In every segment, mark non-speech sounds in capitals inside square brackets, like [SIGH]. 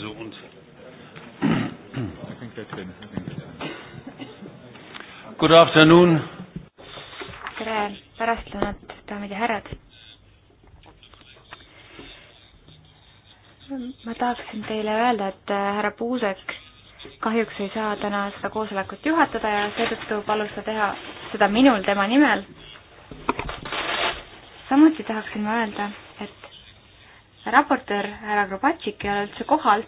So und. Good afternoon. tere pärastlõunat, daamid ja härrad. ma tahaksin teile öelda, et äh, härra Puusek kahjuks ei saa täna seda koosolekut juhatada ja seetõttu palus ta teha seda minul tema nimel. samuti tahaksin ma öelda raportöör härra Grobatšik ei ole üldse kohal.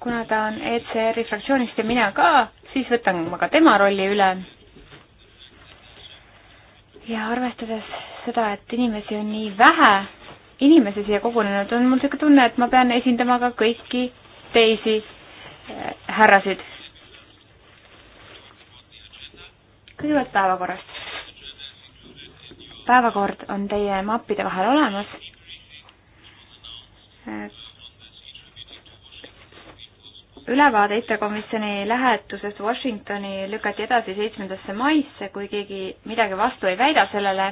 kuna ta on ECR-i fraktsioonist ja mina ka, siis võtan ma ka tema rolli üle. ja arvestades seda, et inimesi on nii vähe, inimesi siia kogunenud, on mul niisugune tunne, et ma pean esindama ka kõiki teisi eh, härrasid. kõigepealt päevakorrast. päevakord on teie mappide vahel olemas ülevaade IT-komisjoni lähetusest Washingtoni lükati edasi seitsmendasse maisse, kui keegi midagi vastu ei väida sellele,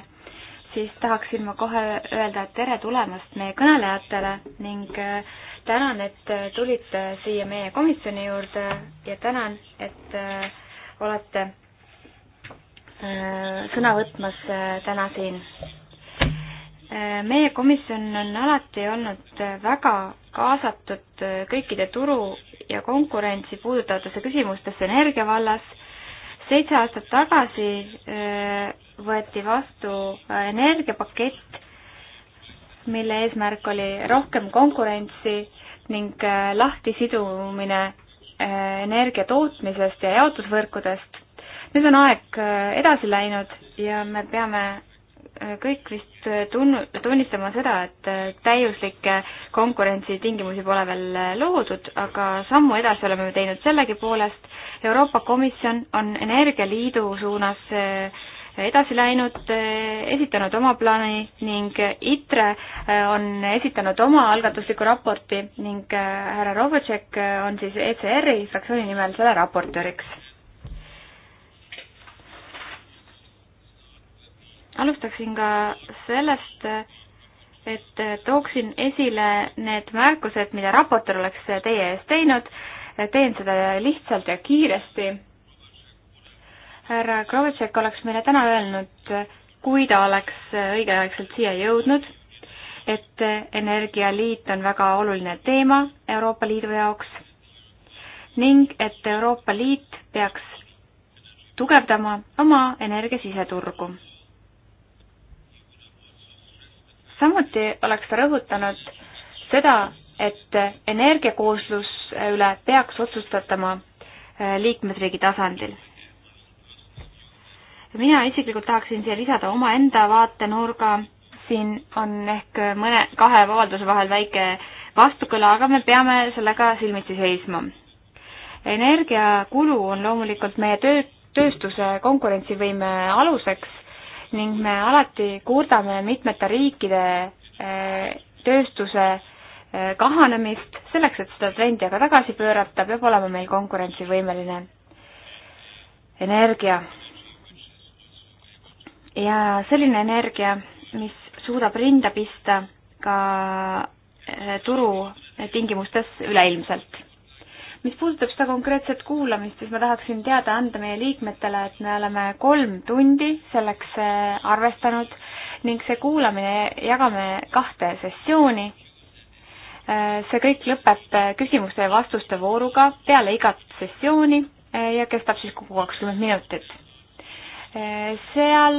siis tahaksin ma kohe öelda tere tulemast meie kõnelejatele ning äh, tänan, et tulite siia meie komisjoni juurde ja tänan, et äh, olete äh, sõna võtmas täna siin meie komisjon on alati olnud väga kaasatud kõikide turu ja konkurentsi puudutavatesse küsimustesse energia vallas. seitse aastat tagasi äh, võeti vastu energiapakett, mille eesmärk oli rohkem konkurentsi ning äh, lahtisidumine äh, energia tootmisest ja jaotusvõrkudest. nüüd on aeg edasi läinud ja me peame kõik vist Äh, tunnu-, tunnistama seda, et äh, täiuslikke konkurentsitingimusi pole veel äh, loodud, aga sammu edasi oleme teinud sellegipoolest. Euroopa Komisjon on Energialiidu suunas edasi läinud, esitanud oma plaani ning ITRE on esitanud oma algatusliku raporti ning härra Robotšek on siis ECR-i fraktsiooni nimel selle raportööriks. alustaksin ka sellest, et tooksin esile need märkused, mida raportöör oleks teie ees teinud, teen seda lihtsalt ja kiiresti. härra Krovitšek oleks meile täna öelnud, kui ta oleks õigeaegselt siia jõudnud, et energialiit on väga oluline teema Euroopa Liidu jaoks ning et Euroopa Liit peaks tugevdama oma energiasiseturgu samuti oleks ta rõhutanud seda, et energiakooslus üle peaks otsustatama äh, liikmesriigi tasandil. mina isiklikult tahaksin siia lisada omaenda vaatenurga, siin on ehk mõne, kahe avalduse vahel väike vastukõla, aga me peame sellega silmitsi seisma. energiakulu on loomulikult meie töö, tööstuse konkurentsivõime aluseks ning me alati kurdame mitmete riikide eh, tööstuse eh, kahanemist, selleks, et seda trendi aga tagasi pöörata, peab olema meil konkurentsivõimeline energia. ja selline energia, mis suudab rinda pista ka eh, turu tingimustes üleilmselt mis puudutab seda konkreetset kuulamist, siis ma tahaksin teada anda meie liikmetele, et me oleme kolm tundi selleks eh, arvestanud ning see kuulamine jagame kahte sessiooni. Eh, see kõik lõpeb eh, küsimuste ja vastuste vooruga peale igat sessiooni ja kestab siis kogu kakskümmend minutit seal,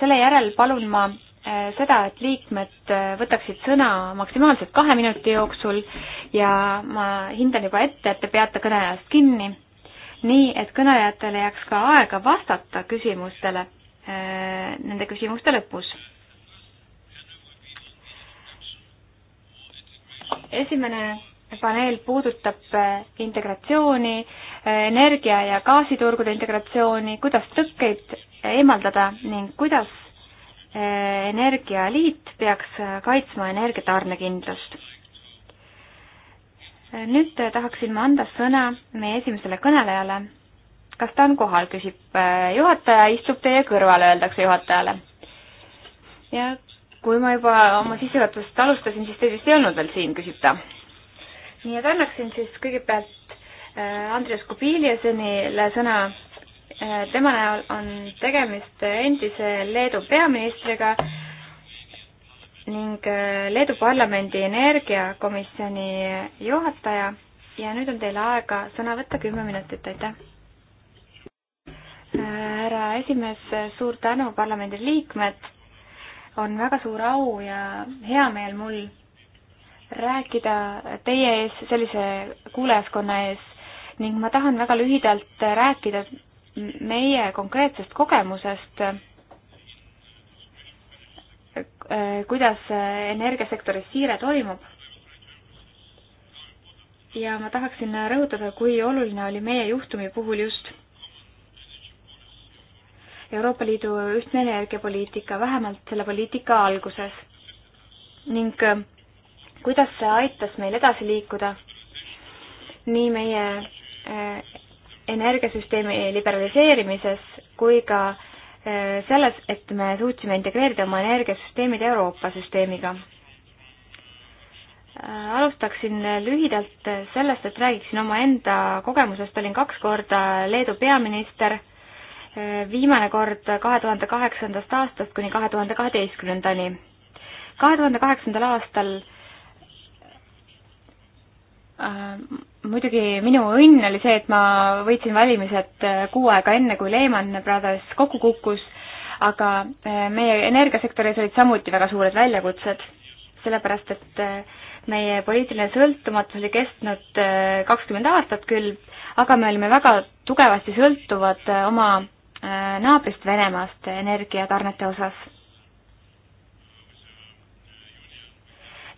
selle järel palun ma Äh, seda, et liikmed äh, võtaksid sõna maksimaalselt kahe minuti jooksul ja ma hindan juba ette, et te peate kõneajast kinni, nii et kõnelejatele jääks ka aega vastata küsimustele, äh, nende küsimuste lõpus. esimene paneel puudutab integratsiooni, energia- ja gaasiturgude integratsiooni, kuidas tõkkeid eemaldada ning kuidas energialiit peaks kaitsma energiatarnekindlust. nüüd tahaksin ma anda sõna meie esimesele kõnelejale. kas ta on kohal, küsib äh, juhataja, istub teie kõrval, öeldakse juhatajale. ja kui ma juba oma sissejuhatust alustasin, siis te vist ei olnud veel siin, küsib ta. nii et annaksin siis kõigepealt äh, Andres Kubiliaseni sõna Äh, tema näol on tegemist endise Leedu peaministriga ning äh, Leedu parlamendi energiakomisjoni juhataja ja nüüd on teil aega sõna võtta kümme minutit, aitäh. Äh, härra esimees, suur tänu, parlamendi liikmed. on väga suur au ja hea meel mul rääkida teie ees sellise kuulajaskonna ees ning ma tahan väga lühidalt rääkida meie konkreetsest kogemusest, eh, kuidas energiasektoris siire toimub. ja ma tahaksin rõhutada, kui oluline oli meie juhtumi puhul just Euroopa Liidu ühtne energiapoliitika, vähemalt selle poliitika alguses. ning eh, kuidas see aitas meil edasi liikuda nii meie eh, energiasüsteemi liberaliseerimises kui ka äh, selles, et me suutsime integreerida oma energiasüsteemid Euroopa süsteemiga. Äh, alustaksin lühidalt sellest, et räägiksin omaenda kogemusest, olin kaks korda Leedu peaminister, äh, viimane kord kahe tuhande kaheksandast aastast kuni kahe tuhande kaheteistkümnendani. kahe tuhande kaheksandal aastal Äh, muidugi minu õnn oli see, et ma võitsin valimised äh, kuu aega enne, kui Lehman Brothers kokku kukkus, aga äh, meie energiasektoris olid samuti väga suured väljakutsed, sellepärast et meie poliitiline sõltumatus oli kestnud kakskümmend aastat küll, aga me olime väga tugevasti sõltuvad oma naabrist Venemaast energiatarnete osas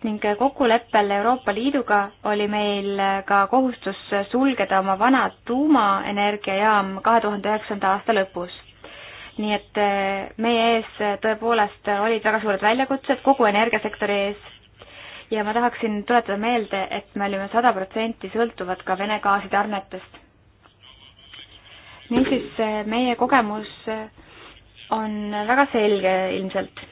ning kokkuleppel Euroopa Liiduga oli meil ka kohustus sulgeda oma vana tuumaenergiajaam kahe tuhande üheksanda aasta lõpus. nii et äh, meie ees tõepoolest olid väga suured väljakutsed kogu energiasektori ees ja ma tahaksin tuletada meelde, et me olime sada protsenti sõltuvad ka Vene gaasitarnetest. niisiis, äh, meie kogemus äh, on väga selge ilmselt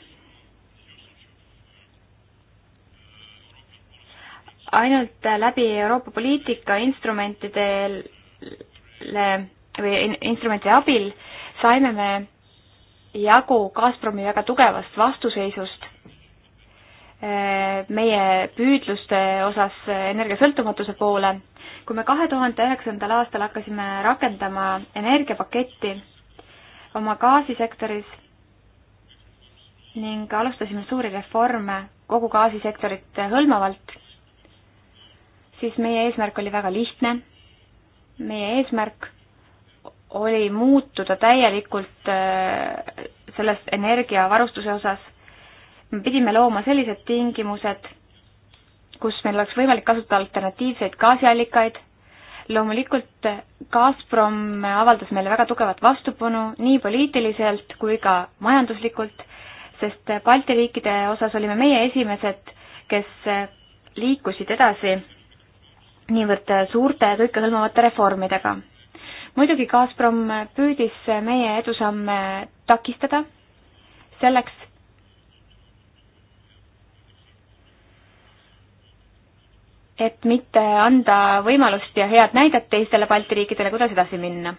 ainult läbi Euroopa poliitika instrumentidele või instrumentide abil saime me jagu Gazpromi väga tugevast vastuseisust eh, meie püüdluste osas energiasõltumatuse poole. kui me kahe tuhande üheksandal aastal hakkasime rakendama energiapaketti oma gaasisektoris ning alustasime suuri reforme kogu gaasisektorit hõlmavalt siis meie eesmärk oli väga lihtne. meie eesmärk oli muutuda täielikult äh, selles energiavarustuse osas. me pidime looma sellised tingimused, kus meil oleks võimalik kasutada alternatiivseid gaasiallikaid. loomulikult Gazprom avaldas meile väga tugevat vastupanu nii poliitiliselt kui ka majanduslikult, sest Balti riikide osas olime meie esimesed, kes liikusid edasi niivõrd suurte ja kõikehõlmavate reformidega. muidugi Gazprom püüdis meie edusamme takistada selleks, et mitte anda võimalust ja head näidet teistele Balti riikidele, kuidas edasi minna.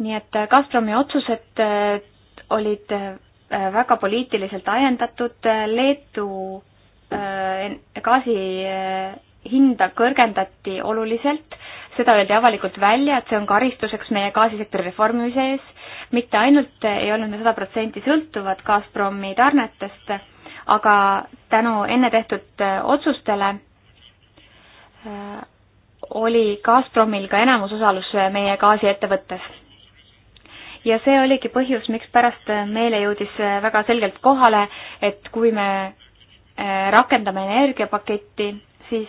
nii et Gazpromi otsused äh, olid äh, väga poliitiliselt ajendatud, Leetu Äh, gaasi äh, hinda kõrgendati oluliselt, seda öeldi avalikult välja, et see on karistuseks meie gaasisektori reformimise ees. mitte ainult ei olnud me sada protsenti sõltuvad Gazpromi tarnetest, aga tänu enne tehtud äh, otsustele oli Gazpromil ka enamusosalus meie gaasiettevõttes. ja see oligi põhjus, mikspärast meile jõudis väga selgelt kohale, et kui me Äh, rakendame energiapaketti, siis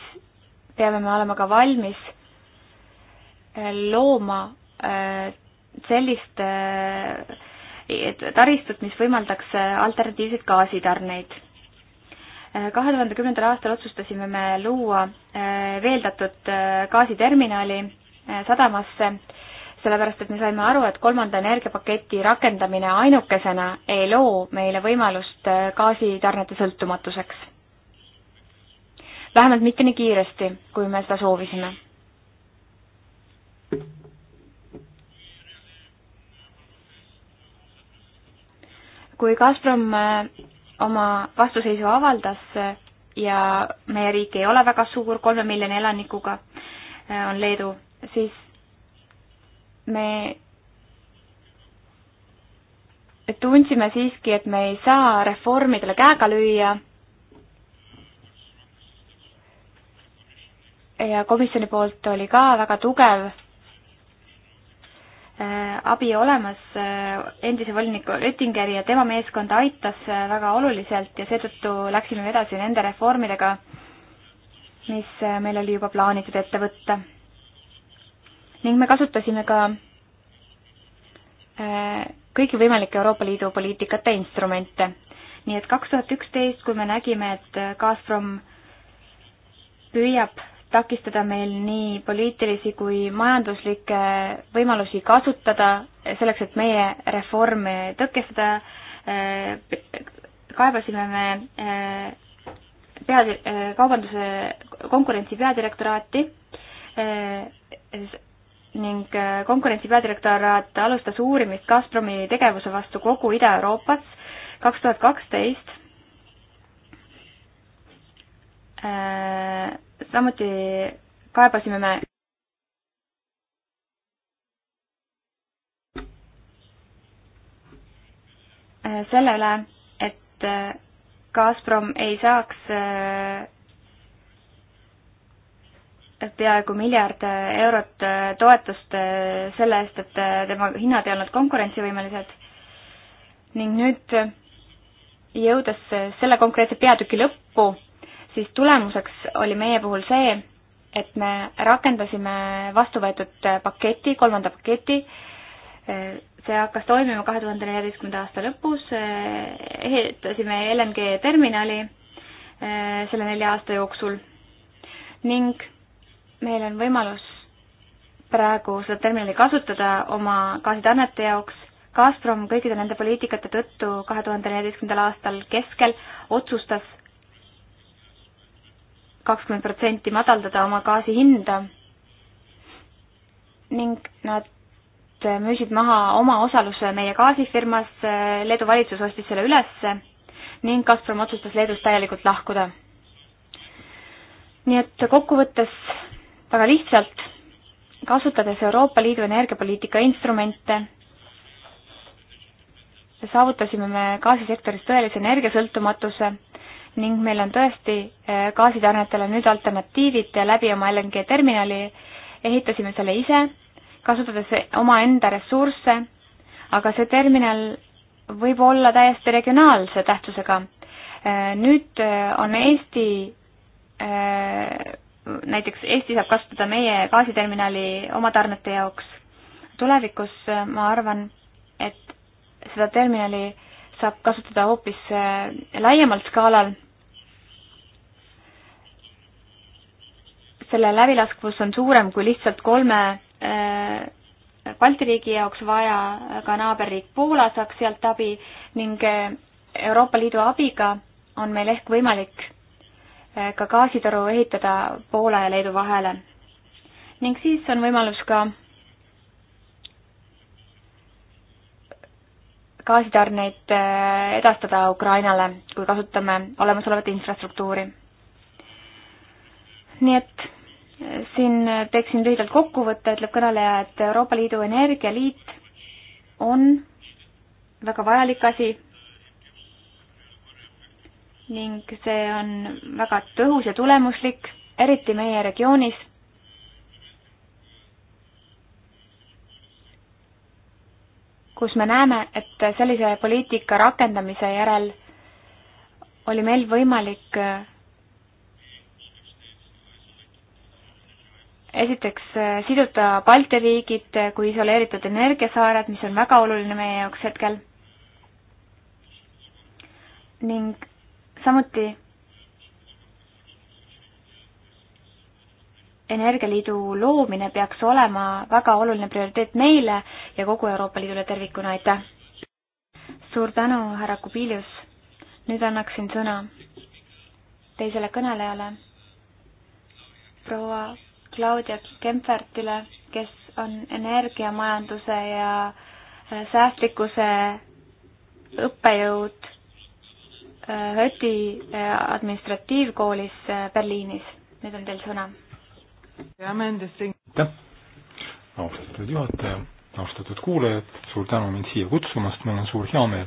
peame me olema ka valmis äh, looma äh, sellist taristut, mis võimaldaks alternatiivseid gaasitarneid. kahe tuhande kümnendal aastal otsustasime me luua veeldatud gaasiterminali sadamasse sellepärast et me saime aru, et kolmanda energiapaketi rakendamine ainukesena ei loo meile võimalust äh, gaasitarnete sõltumatuseks. vähemalt mitte nii kiiresti, kui me seda soovisime. kui Gazprom äh, oma vastuseisu avaldas äh, ja meie riik ei ole väga suur, kolme miljoni elanikuga on Leedu, siis me tundsime siiski, et me ei saa reformidele käega lüüa. ja komisjoni poolt oli ka väga tugev äh, abi olemas, äh, endise voliniku Oettingeri ja tema meeskond aitas äh, väga oluliselt ja seetõttu läksime edasi nende reformidega, mis meil oli juba plaanitud ette võtta ning me kasutasime ka äh, kõiki võimalikke Euroopa Liidu poliitikate instrumente. nii et kaks tuhat üksteist, kui me nägime, et Gazprom püüab takistada meil nii poliitilisi kui majanduslikke võimalusi kasutada selleks, et meie reforme tõkestada, äh, kaebasime me äh, pea, kaubanduse konkurentsi peadirektoraati, ning äh, konkurentsi peadirektoraat alustas uurimist Gazpromi tegevuse vastu kogu Ida-Euroopas kaks tuhat kaksteist. Äh, samuti kaebasime me äh, selle üle, et Gazprom ei saaks peaaegu miljard eurot äh, toetust äh, selle eest, et äh, tema hinnad ei olnud konkurentsivõimelised. ning nüüd jõudes selle konkreetse peatüki lõppu, siis tulemuseks oli meie puhul see, et me rakendasime vastu võetud paketi, kolmanda paketi, see hakkas toimima kahe tuhande neljateistkümnenda aasta lõpus, ehitasime LNG terminali selle nelja aasta jooksul ning meil on võimalus praegu seda terminali kasutada oma gaasitarnete jaoks. Gazprom kõikide nende poliitikate tõttu kahe tuhande neljateistkümnendal aastal keskel otsustas kakskümmend protsenti madaldada oma gaasi hinda ning nad müüsid maha oma osaluse meie gaasifirmas, Leedu valitsus ostis selle ülesse ning Gazprom otsustas Leedust täielikult lahkuda. nii et kokkuvõttes väga lihtsalt, kasutades Euroopa Liidu energiapoliitika instrumente, saavutasime me gaasisektoris tõelise energiasõltumatuse ning meil on tõesti eh, gaasitarnetele nüüd alternatiivid ja läbi oma LNG terminali ehitasime selle ise, kasutades omaenda ressursse, aga see terminal võib olla täiesti regionaalse tähtsusega. Eh, nüüd eh, on Eesti näiteks Eesti saab kasutada meie gaasiterminali oma tarnete jaoks. tulevikus äh, ma arvan, et seda terminali saab kasutada hoopis äh, laiemal skaalal. selle läbilaskvus on suurem kui lihtsalt kolme äh, Balti riigi jaoks vaja, ka naaberriik Poola saaks sealt abi ning Euroopa Liidu abiga on meil ehk võimalik ka gaasitoru ehitada Poola ja Leedu vahele. ning siis on võimalus ka gaasitarneid äh, edastada Ukrainale, kui kasutame olemasolevat infrastruktuuri. nii et äh, siin äh, teeksin lühidalt kokkuvõtte, ütleb kõneleja, et Euroopa Liidu Energialiit on väga vajalik asi ning see on väga tõhus ja tulemuslik, eriti meie regioonis. kus me näeme, et sellise poliitika rakendamise järel oli meil võimalik esiteks siduda Balti riigid kui isoleeritud energiasaared, mis on väga oluline meie jaoks hetkel. ning samuti energialiidu loomine peaks olema väga oluline prioriteet meile ja kogu Euroopa Liidule tervikuna, aitäh! suur tänu, härra Kubilius! nüüd annaksin sõna teisele kõnelejale, proua Claudia Kempertile, kes on energiamajanduse ja säästlikkuse õppejõud Höti äh, administratiivkoolis äh, Berliinis. nüüd on teil sõna. aitäh, austatud juhataja, austatud kuulajad, suur tänu mind siia kutsumast, mul on suur heameel,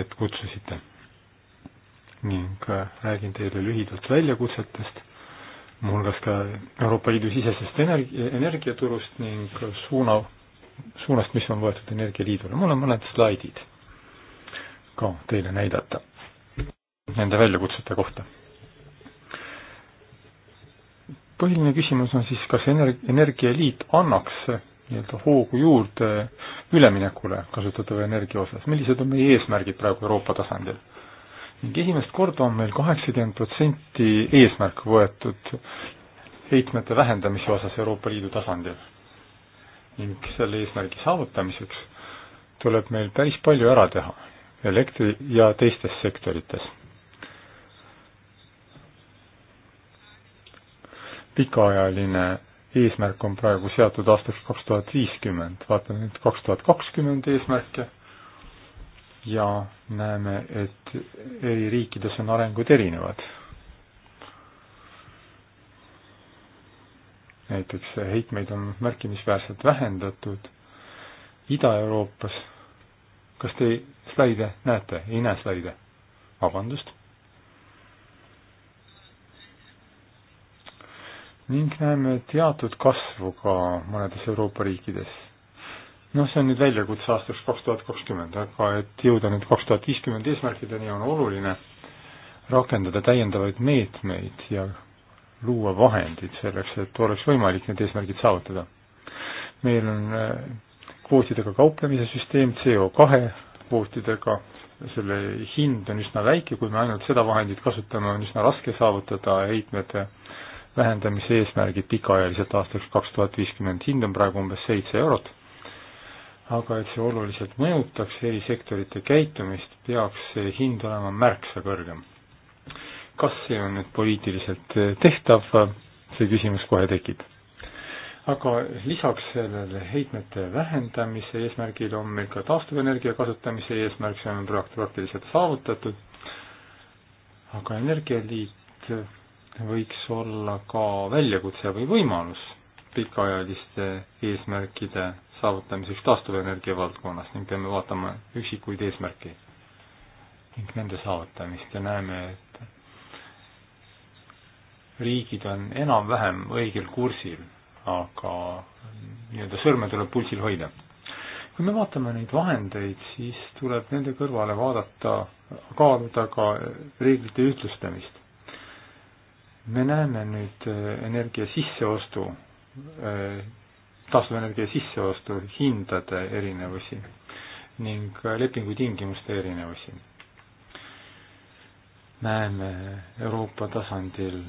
et kutsusite. ning äh, räägin teile lühidalt väljakutsetest, muuhulgas ka Euroopa Liidu sisesest energi-, energiaturust ning suuna, suunast, mis on võetud Energialiidule. mul on mõned slaidid ka teile näidata nende väljakutsete kohta. põhiline küsimus on siis, kas energ-, Energialiit annaks nii-öelda hoogu juurde üleminekule kasutatava energia osas, millised on meie eesmärgid praegu Euroopa tasandil? ning esimest korda on meil kaheksakümmend protsenti eesmärk võetud heitmete vähendamise osas Euroopa Liidu tasandil. ning selle eesmärgi saavutamiseks tuleb meil päris palju ära teha elektri- ja teistes sektorites. pikaajaline eesmärk on praegu seatud aastaks kaks tuhat viiskümmend, vaatame nüüd kaks tuhat kakskümmend eesmärke ja näeme, et eri riikides on arengud erinevad. näiteks heitmeid on märkimisväärselt vähendatud Ida-Euroopas kas te slaide näete, ei näe slaide? vabandust. ning näeme teatud kasvu ka mõnedes Euroopa riikides. noh, see on nüüd väljakutse aastaks kaks tuhat kakskümmend, aga et jõuda nüüd kaks tuhat viiskümmend eesmärkideni, on oluline rakendada täiendavaid meetmeid ja luua vahendid selleks, et oleks võimalik need eesmärgid saavutada. meil on äh, kvootidega kauplemise süsteem, CO2 kvootidega, selle hind on üsna väike, kui me ainult seda vahendit kasutame, on üsna raske saavutada heitmete vähendamise eesmärgid pikaajaliselt aastaks kaks tuhat viiskümmend, hind on praegu umbes seitse eurot, aga et see oluliselt mõjutaks eri sektorite käitumist, peaks see hind olema märksa kõrgem. kas see on nüüd poliitiliselt tehtav, see küsimus kohe tekib aga lisaks sellele heitmete vähendamise eesmärgil on meil ka taastuvenergia kasutamise eesmärk, see on praktiliselt saavutatud, aga Energialiit võiks olla ka väljakutse või võimalus pikaajaliste eesmärkide saavutamiseks taastuvenergia valdkonnas ning peame vaatama üksikuid eesmärke ning nende saavutamist ja näeme, et riigid on enam-vähem õigel kursil aga nii-öelda sõrme tuleb pulsil hoida. kui me vaatame neid vahendeid, siis tuleb nende kõrvale vaadata, kaaluda ka reeglite ühtlustamist. me näeme nüüd äh, energia sisseostu, äh, taastuvenergia sisseostu hindade erinevusi ning lepingutingimuste erinevusi. näeme Euroopa tasandil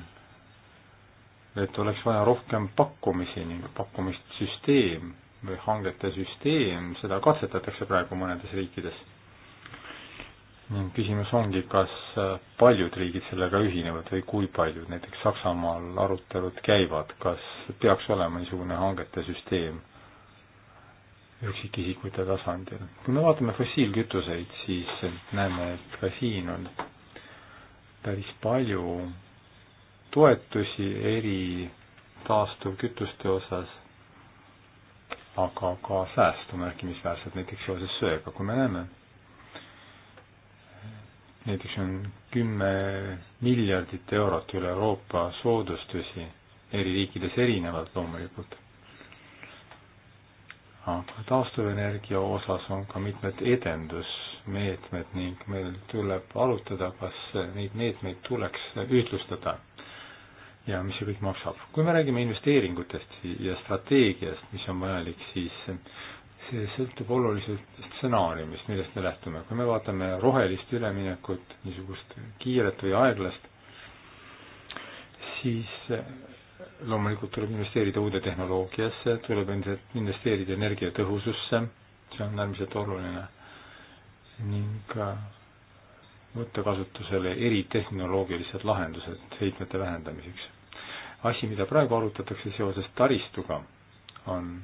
et oleks vaja rohkem pakkumisi ning pakkumist süsteem või hangete süsteem, seda katsetatakse praegu mõnedes riikides. ning küsimus ongi, kas paljud riigid sellega ühinevad või kui paljud, näiteks Saksamaal arutelud käivad, kas peaks olema niisugune hangete süsteem üksikisikute tasandil. kui me vaatame fossiilkütuseid, siis näeme, et ka siin on päris palju toetusi eri taastuvkütuste osas, aga ka säästu märkimisväärselt, näiteks seoses söega, kui me näeme, näiteks on kümme miljardit eurot üle Euroopa soodustusi, eri riikides erinevalt loomulikult. aga taastuvenergia osas on ka mitmed edendusmeetmed ning meil tuleb arutada, kas neid meetmeid tuleks ühtlustada ja mis see kõik maksab. kui me räägime investeeringutest ja strateegiast, mis on vajalik, siis see sõltub oluliselt stsenaariumist, millest me lähtume. kui me vaatame rohelist üleminekut, niisugust kiiret või aeglast, siis loomulikult tuleb investeerida uude tehnoloogiasse, tuleb endiselt investeerida energiatõhususse, see on äärmiselt oluline, ning võtta kasutusele eritehnoloogilised lahendused heitmete vähendamiseks asi, mida praegu arutatakse seoses taristuga, on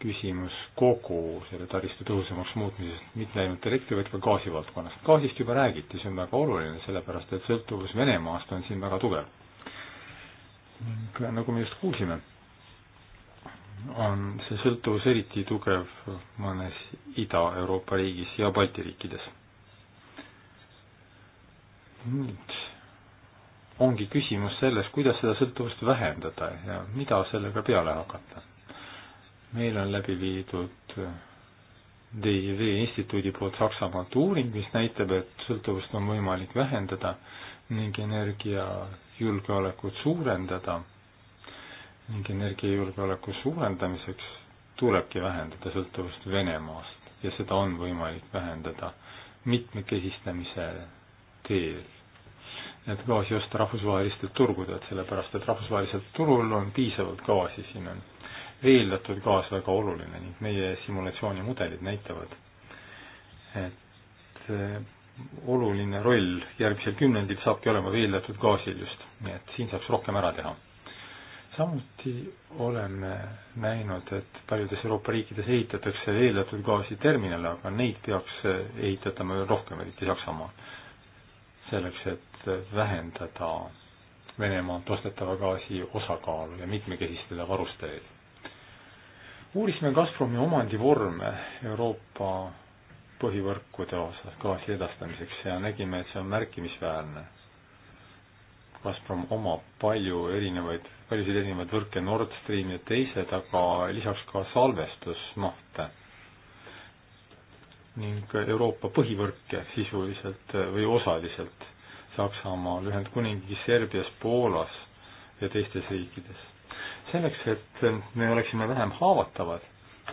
küsimus kogu selle taristu tõhusamaks muutmisest, mitte ainult elektri, vaid ka gaasi valdkonnast. gaasist juba räägiti, see on väga oluline, sellepärast et sõltuvus Venemaast on siin väga tugev. ning nagu me just kuulsime, on see sõltuvus eriti tugev mõnes Ida-Euroopa riigis ja Balti riikides. nüüd ongi küsimus selles, kuidas seda sõltuvust vähendada ja mida sellega peale hakata. meil on läbi viidud DIV instituudi poolt Saksamaalt uuring, mis näitab, et sõltuvust on võimalik vähendada ning energiajulgeolekut suurendada ning energiajulgeoleku suurendamiseks tulebki vähendada sõltuvust Venemaast ja seda on võimalik vähendada mitmekesistamise teel need gaas ei osta rahvusvahelistelt turgudelt, sellepärast et rahvusvahelisel turul on piisavalt gaasi, siin on veeldatud gaas väga oluline ning meie simulatsioonimudelid näitavad, et eh, oluline roll järgmisel kümnendil saabki olema veeldatud gaasil just, nii et siin saaks rohkem ära teha. samuti oleme näinud, et paljudes Euroopa riikides ehitatakse veeldatud gaasi terminale, aga neid peaks eh, ehitatama rohkem, eriti Saksamaal. selleks, et et vähendada Venemaalt ostetava gaasi osakaalu ja mitmekesistada varustajaid. uurisime Gazpromi omandivorme Euroopa põhivõrkude osas gaasi edastamiseks ja nägime, et see on märkimisväärne. Gazprom omab palju erinevaid, paljusid erinevaid võrke, Nord Stream ja teised, aga lisaks ka salvestusmahte ning Euroopa põhivõrke sisuliselt või osaliselt Saksamaal, Ühendkuningriigis, Serbias, Poolas ja teistes riikides. selleks, et me oleksime vähem haavatavad,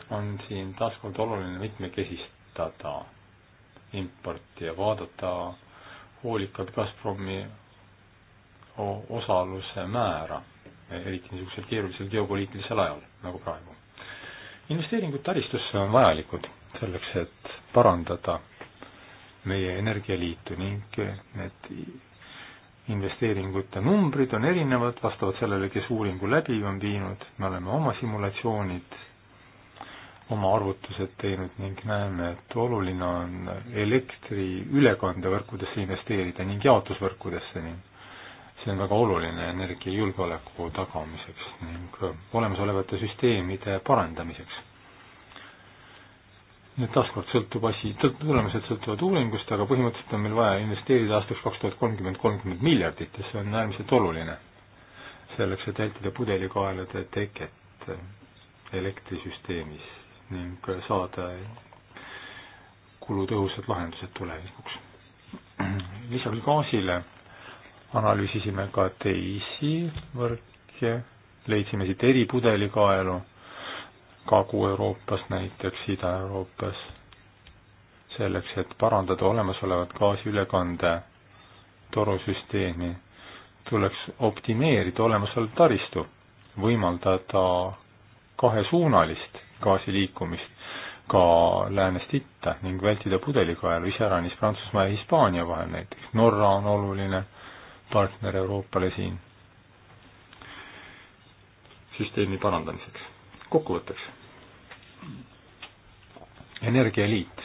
on siin taaskord oluline mitmekesistada importi ja vaadata hoolikalt Gazpromi osaluse määra, eriti niisugusel keerulisel geopoliitilisel ajal, nagu praegu. investeeringud taristusse on vajalikud selleks, et parandada meie energialiitu ning need investeeringute numbrid on erinevad vastavalt sellele, kes uuringu läbi on viinud, me oleme oma simulatsioonid, oma arvutused teinud ning näeme, et oluline on elektri ülekandevõrkudesse investeerida ning jaotusvõrkudesse ning see on väga oluline energiajulgeoleku tagamiseks ning olemasolevate süsteemide parandamiseks nüüd taaskord sõltub asi, tulemused sõltuvad uuringust, aga põhimõtteliselt on meil vaja investeerida aastaks kaks tuhat kolmkümmend kolmkümmend miljardit ja see on äärmiselt oluline. selleks, et vältida pudelikaelade teket eh, elektrisüsteemis ning saada kulutõhusad lahendused tulevikuks. [CLEARS THROAT] lisaks gaasile analüüsisime ka teisi võrke, leidsime siit eripudelikaelu Kagu-Euroopas, näiteks Ida-Euroopas, selleks, et parandada olemasolevat gaasiülekande torusüsteemi, tuleks optimeerida olemasolev taristu, võimaldada kahesuunalist gaasi liikumist ka läänest itta ning vältida pudelikaelu iseäranis Prantsusmaa ja Hispaania vahel näiteks. Norra on oluline partner Euroopale siin süsteemi parandamiseks. kokkuvõtteks energialiit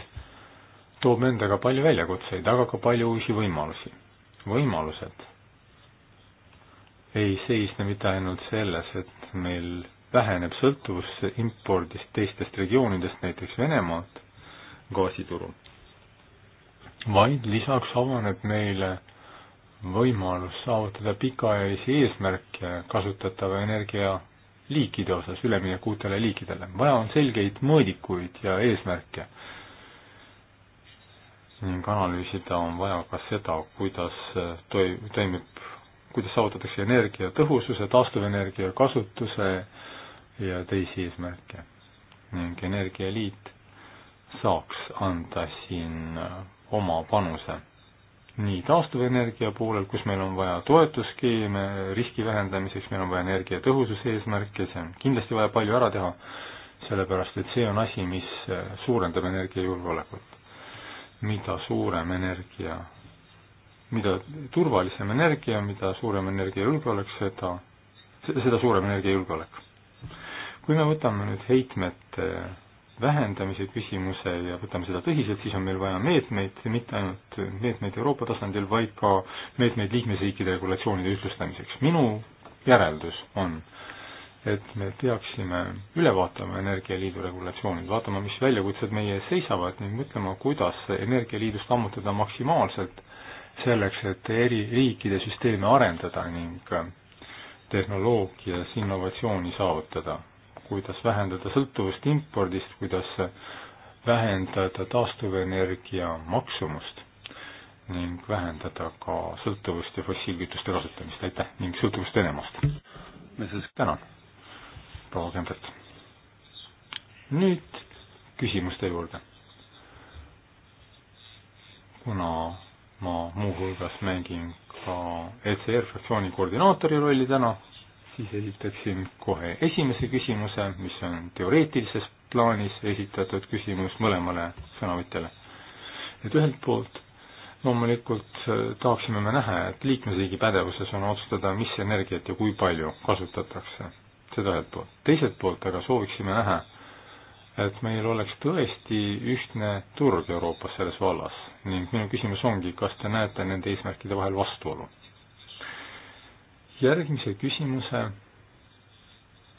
toob endaga palju väljakutseid, aga ka palju uusi võimalusi. võimalused ei seisne mitte ainult selles, et meil väheneb sõltuvus impordist teistest regioonidest, näiteks Venemaalt, gaasiturul, vaid lisaks avaneb meile võimalus saavutada pikaajalisi eesmärke kasutatava energia liikide osas, üleminek uutele liikidele. vaja on selgeid mõõdikuid ja eesmärke. ning analüüsida on vaja ka seda, kuidas toi-, toimib, kuidas saavutatakse energia tõhususe, taastuvenergia kasutuse ja teisi eesmärke. ning Energialiit saaks anda siin oma panuse nii taastuvenergia poolel, kus meil on vaja toetusskeeme riski vähendamiseks, meil on vaja energiatõhususe eesmärke, see on kindlasti vaja palju ära teha, sellepärast et see on asi, mis äh, suurendab energiajulgeolekut. mida suurem energia, mida turvalisem energia, mida suurem energiajulgeolek, seda, seda suurem energiajulgeolek. kui me võtame nüüd heitmete vähendamise küsimuse ja võtame seda tõsiselt, siis on meil vaja meetmeid, mitte ainult meetmeid Euroopa tasandil, vaid ka meetmeid liikmesriikide regulatsioonide ühtlustamiseks. minu järeldus on, et me peaksime üle vaatama Energialiidu regulatsioonid, vaatama, mis väljakutsed meie ees seisavad ning mõtlema, kuidas Energialiidust ammutada maksimaalselt selleks, et eri riikide süsteeme arendada ning tehnoloogias innovatsiooni saavutada kuidas vähendada sõltuvust impordist, kuidas vähendada taastuvenergia maksumust ning vähendada ka sõltuvust ja fossiilkütuste kasutamist, aitäh, ning sõltuvust Venemaast. me siis tänan, proua Kembret. nüüd küsimuste juurde. kuna ma muuhulgas mängin ka ECR fraktsiooni koordinaatori rolli täna siis esitaksin kohe esimese küsimuse, mis on teoreetilises plaanis esitatud küsimus mõlemale sõnavõtjale. et ühelt poolt loomulikult äh, tahaksime me näha, et liikmesriigi pädevuses on otsustada, mis energiat ja kui palju kasutatakse, seda ühelt poolt. teiselt poolt aga sooviksime näha, et meil oleks tõesti ühtne turg Euroopas selles vallas ning minu küsimus ongi, kas te näete nende eesmärkide vahel vastuolu? järgmise küsimuse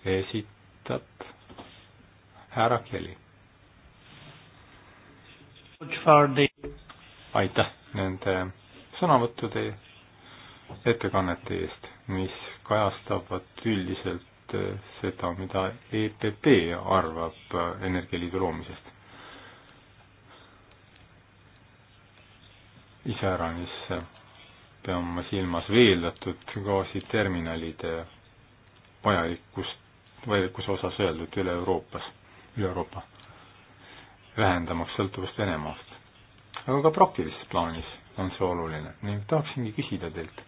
esitab härra Kelly. aitäh nende sõnavõttude ettekannete eest, mis kajastavad üldiselt seda, mida EPP arvab Energialiidu loomisest. iseäranis peame silmas veeldatud gaasiterminalide vajalikkust, vajalikkuse osas öeldud üle Euroopas, üle Euroopa, vähendamaks sõltuvust Venemaast. aga ka praktilises plaanis on see oluline ning tahaksingi küsida teilt,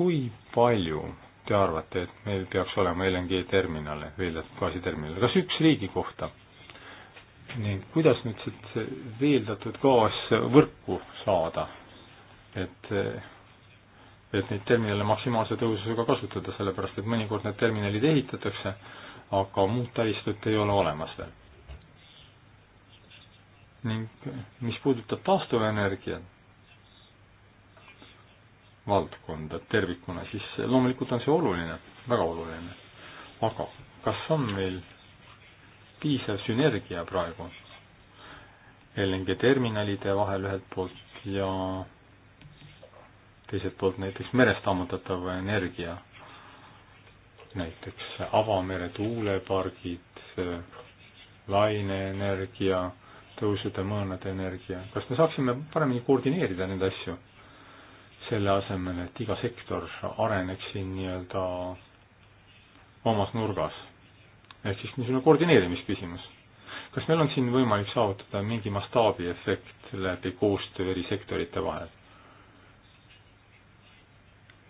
kui palju te arvate, et meil peaks olema LNG terminale, veeldatud gaasiterminale, kas üks riigi kohta? ning kuidas nüüd see veeldatud gaas võrku saada et, et neid terminale maksimaalse tõhususega kasutada, sellepärast et mõnikord need terminalid ehitatakse, aga muud taristut ei ole olemas veel. ning mis puudutab taastuvenergia valdkonda tervikuna, siis loomulikult on see oluline, väga oluline. aga kas on meil piisav sünergia praegu LNG terminalide vahel ühelt poolt ja teiselt poolt näiteks merest ammutatava energia, näiteks avamere tuulepargid, laineenergia, tõusude mõõnade energia, kas me saaksime paremini koordineerida neid asju? selle asemel, et iga sektor areneks siin nii-öelda omas nurgas. ehk siis niisugune koordineerimisküsimus. kas meil on siin võimalik saavutada mingi mastaabiefekt läbi koostöö eri sektorite vahel?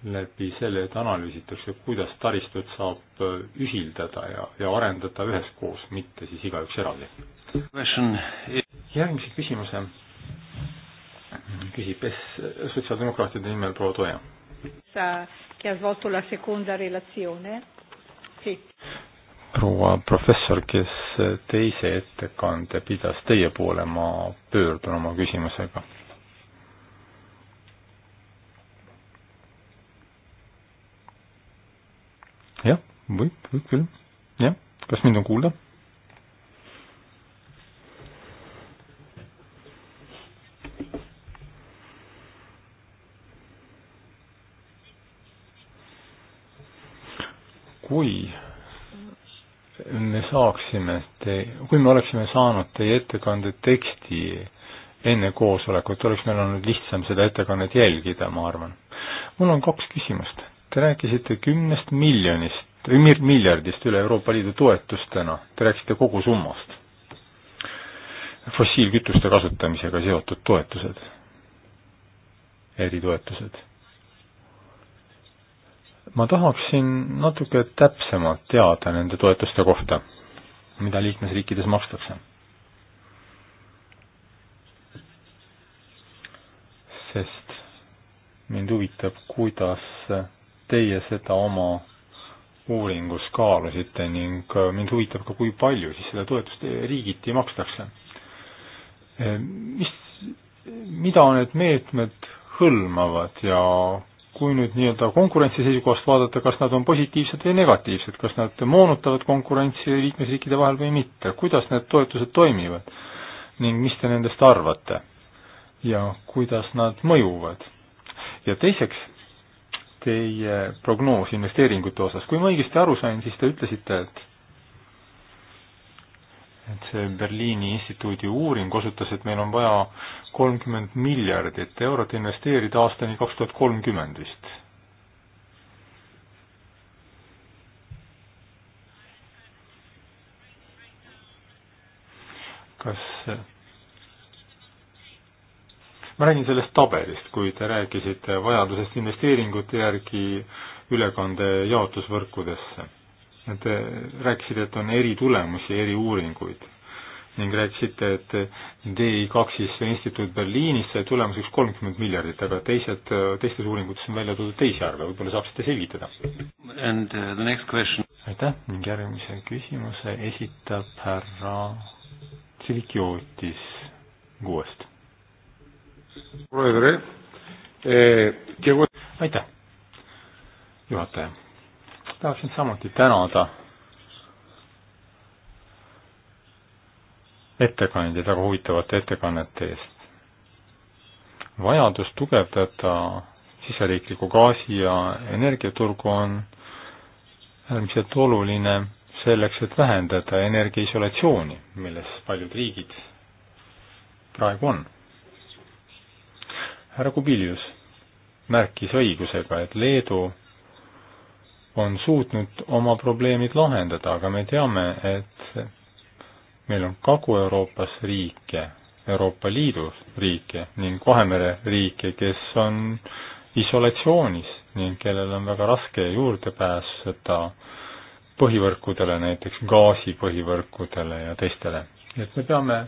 läbi selle, et analüüsitakse, kuidas taristut saab äh, ühildada ja, ja arendada üheskoos, mitte siis igaüks eraldi. järgmise küsimuse küsib S-, sotsiaaldemokraatide nimel proua Toja. proua professor, kes teise ettekande pidas teie poole, ma pöördun oma küsimusega jah, võib, võib küll. jah, kas mind on kuulda? kui me saaksime te, kui me oleksime saanud teie ettekande teksti enne koosolekut, oleks meil olnud lihtsam seda ettekannet jälgida, ma arvan. mul on kaks küsimust Te rääkisite kümnest miljonist, miljardist üle Euroopa Liidu toetustena, te rääkisite kogusummast. fossiilkütuste kasutamisega seotud toetused, eritoetused. ma tahaksin natuke täpsemalt teada nende toetuste kohta, mida liikmesriikides makstakse. sest mind huvitab, kuidas teie seda oma uuringus kaalusite ning äh, mind huvitab ka, kui palju siis seda toetust riigiti makstakse. Äh, mis, mida need meetmed hõlmavad ja kui nüüd nii-öelda konkurentsi seisukohast vaadata, kas nad on positiivsed või negatiivsed, kas nad moonutavad konkurentsi liikmesriikide vahel või mitte, kuidas need toetused toimivad ning mis te nendest arvate ja kuidas nad mõjuvad? ja teiseks teie prognoos investeeringute osas. kui ma õigesti aru sain, siis te ütlesite, et et see Berliini instituudi uuring osutas, et meil on vaja kolmkümmend miljardit eurot investeerida aastani kaks tuhat kolmkümmend vist. kas ma räägin sellest tabelist, kui te rääkisite vajadusest investeeringute järgi ülekande jaotusvõrkudesse. Te rääkisite, et on eri tulemusi, eri uuringuid ning rääkisite, et DI2-is instituut Berliinis sai tulemuseks kolmkümmend miljardit, aga teised, teistes uuringutes on välja toodud teisi arve, võib-olla saaksite selgitada? Uh, aitäh ning järgmise küsimuse esitab härra Tsilikiotis Kuuest aitäh, juhataja. tahaksin samuti tänada ettekandjaid väga huvitavate ettekannete eest. vajadus tugevdada siseriikliku gaasi ja energiaturgu on äärmiselt oluline selleks, et vähendada energiaisolatsiooni, milles paljud riigid praegu on härra Kubilius märkis õigusega, et Leedu on suutnud oma probleemid lahendada, aga me teame, et meil on Kagu-Euroopas riike, Euroopa Liidu riike ning Vahemere riike, kes on isolatsioonis ning kellel on väga raske juurde pääseda põhivõrkudele, näiteks gaasipõhivõrkudele ja teistele. nii et me peame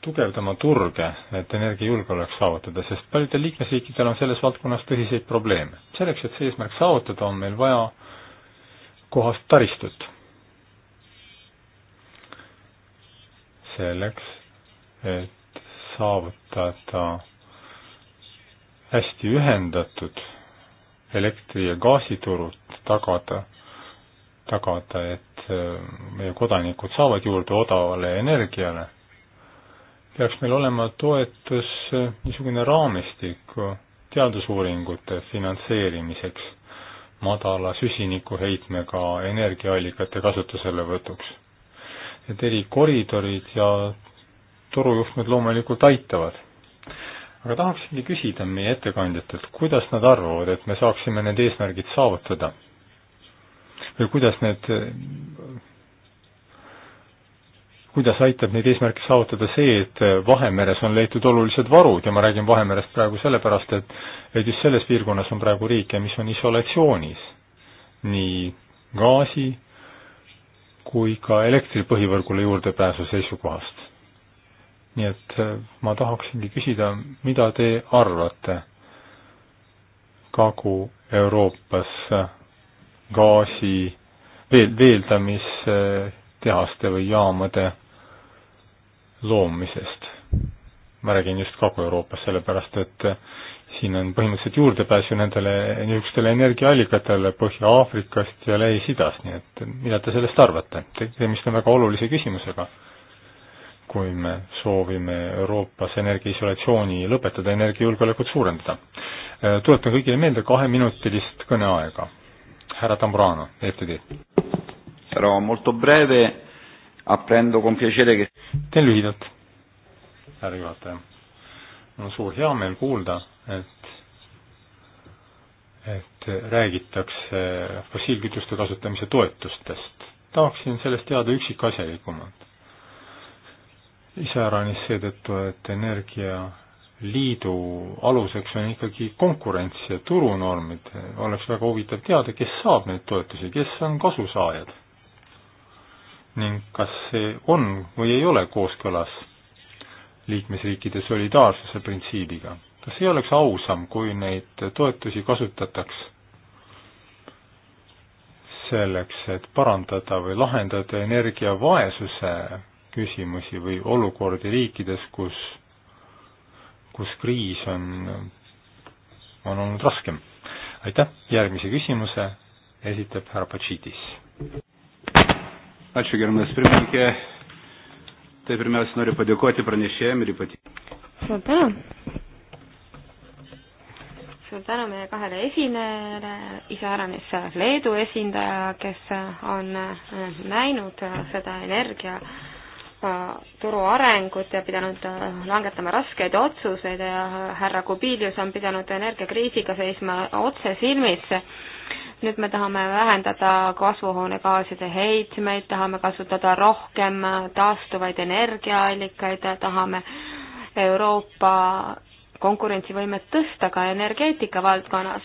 tugevdama turge, et energiajulgeolek saavutada, sest paljudel liikmesriikidel on selles valdkonnas tõsiseid probleeme. selleks, et see eesmärk saavutada, on meil vaja kohast taristut. selleks, et saavutada hästi ühendatud elektri- ja gaasiturud, tagada, tagada, et äh, meie kodanikud saavad juurde odavale energiale peaks meil olema toetus eh, niisugune raamistik teadusuuringute finantseerimiseks madala süsinikuheitmega energiaallikate kasutuselevõtuks. Need erikoridorid ja torujuhtmed loomulikult aitavad. aga tahaksingi küsida meie ettekandjatelt, kuidas nad arvavad, et me saaksime need eesmärgid saavutada? või kuidas need kuidas aitab neid eesmärke saavutada see, et Vahemeres on leitud olulised varud ja ma räägin Vahemerest praegu sellepärast, et et just selles piirkonnas on praegu riike, mis on isolatsioonis nii gaasi kui ka elektripõhivõrgule juurdepääsu seisukohast. nii et äh, ma tahaksingi küsida, mida te arvate Kagu-Euroopas äh, gaasi veel, veeldamistehaste või jaamade loomisest. ma räägin just Kagu-Euroopast, sellepärast et siin on põhimõtteliselt juurdepääsu nendele niisugustele energiaallikatele Põhja-Aafrikast ja Lähis-Idast, nii et mida te sellest arvate? tegemist on väga olulise küsimusega, kui me soovime Euroopas energiaisolatsiooni lõpetada, energiajulgeolekut suurendada. Äh, tuletan kõigile meelde kaheminutilist kõneaega. härra Tamburano, EFTD. Sarò molto breve Apprendo con piacere che... teen lühidalt, härra juhataja. mul on suur heameel kuulda, et, et räägitakse fossiilkütuste kasutamise toetustest. tahaksin sellest teada üksikasjalikumalt. iseäranis seetõttu, et energia liidu aluseks on ikkagi konkurents ja turunormid, oleks väga huvitav teada, kes saab neid toetusi, kes on kasusaajad ning kas see on või ei ole kooskõlas liikmesriikide solidaarsuse printsiibiga. kas ei oleks ausam, kui neid toetusi kasutataks selleks, et parandada või lahendada energiavaesuse küsimusi või olukordi riikides, kus, kus kriis on, on olnud raskem? aitäh, järgmise küsimuse esitab härra Patsiitis. Ačiū gerbiamas pirmininkė. Tai pirmiausia, noriu padėkoti pranešėjim ir ypatingai. Suur tänu. suur tänu meie kahele esinejale, iseäranis Leedu esindaja, kes on äh, näinud äh, seda energia äh, turu arengut ja pidanud langetama raskeid otsuseid ja härra Kubilius on pidanud energiakriisiga seisma otse silmitsi nüüd me tahame vähendada kasvuhoonegaaside heitmeid, tahame kasutada rohkem taastuvaid energiaallikaid, tahame Euroopa konkurentsivõimet tõsta ka energeetika valdkonnas.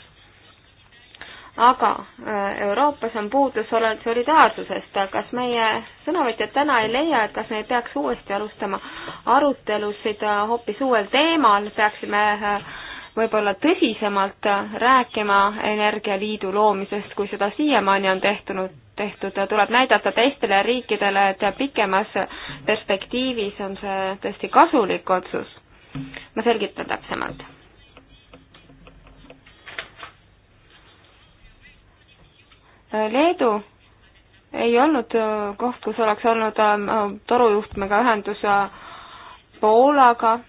aga äh, Euroopas on puudus solidaarsusest, kas meie sõnavõtjad täna ei leia, et kas me ei peaks uuesti alustama arutelusid äh, hoopis uuel teemal, peaksime äh, võib-olla tõsisemalt rääkima Energialiidu loomisest, kui seda siiamaani on tehtunud, tehtud, tuleb näidata teistele riikidele, et pikemas perspektiivis on see tõesti kasulik otsus. ma selgitan täpsemalt. Leedu ei olnud koht, kus oleks olnud ähm, torujuhtmega ühendus äh, Poolaga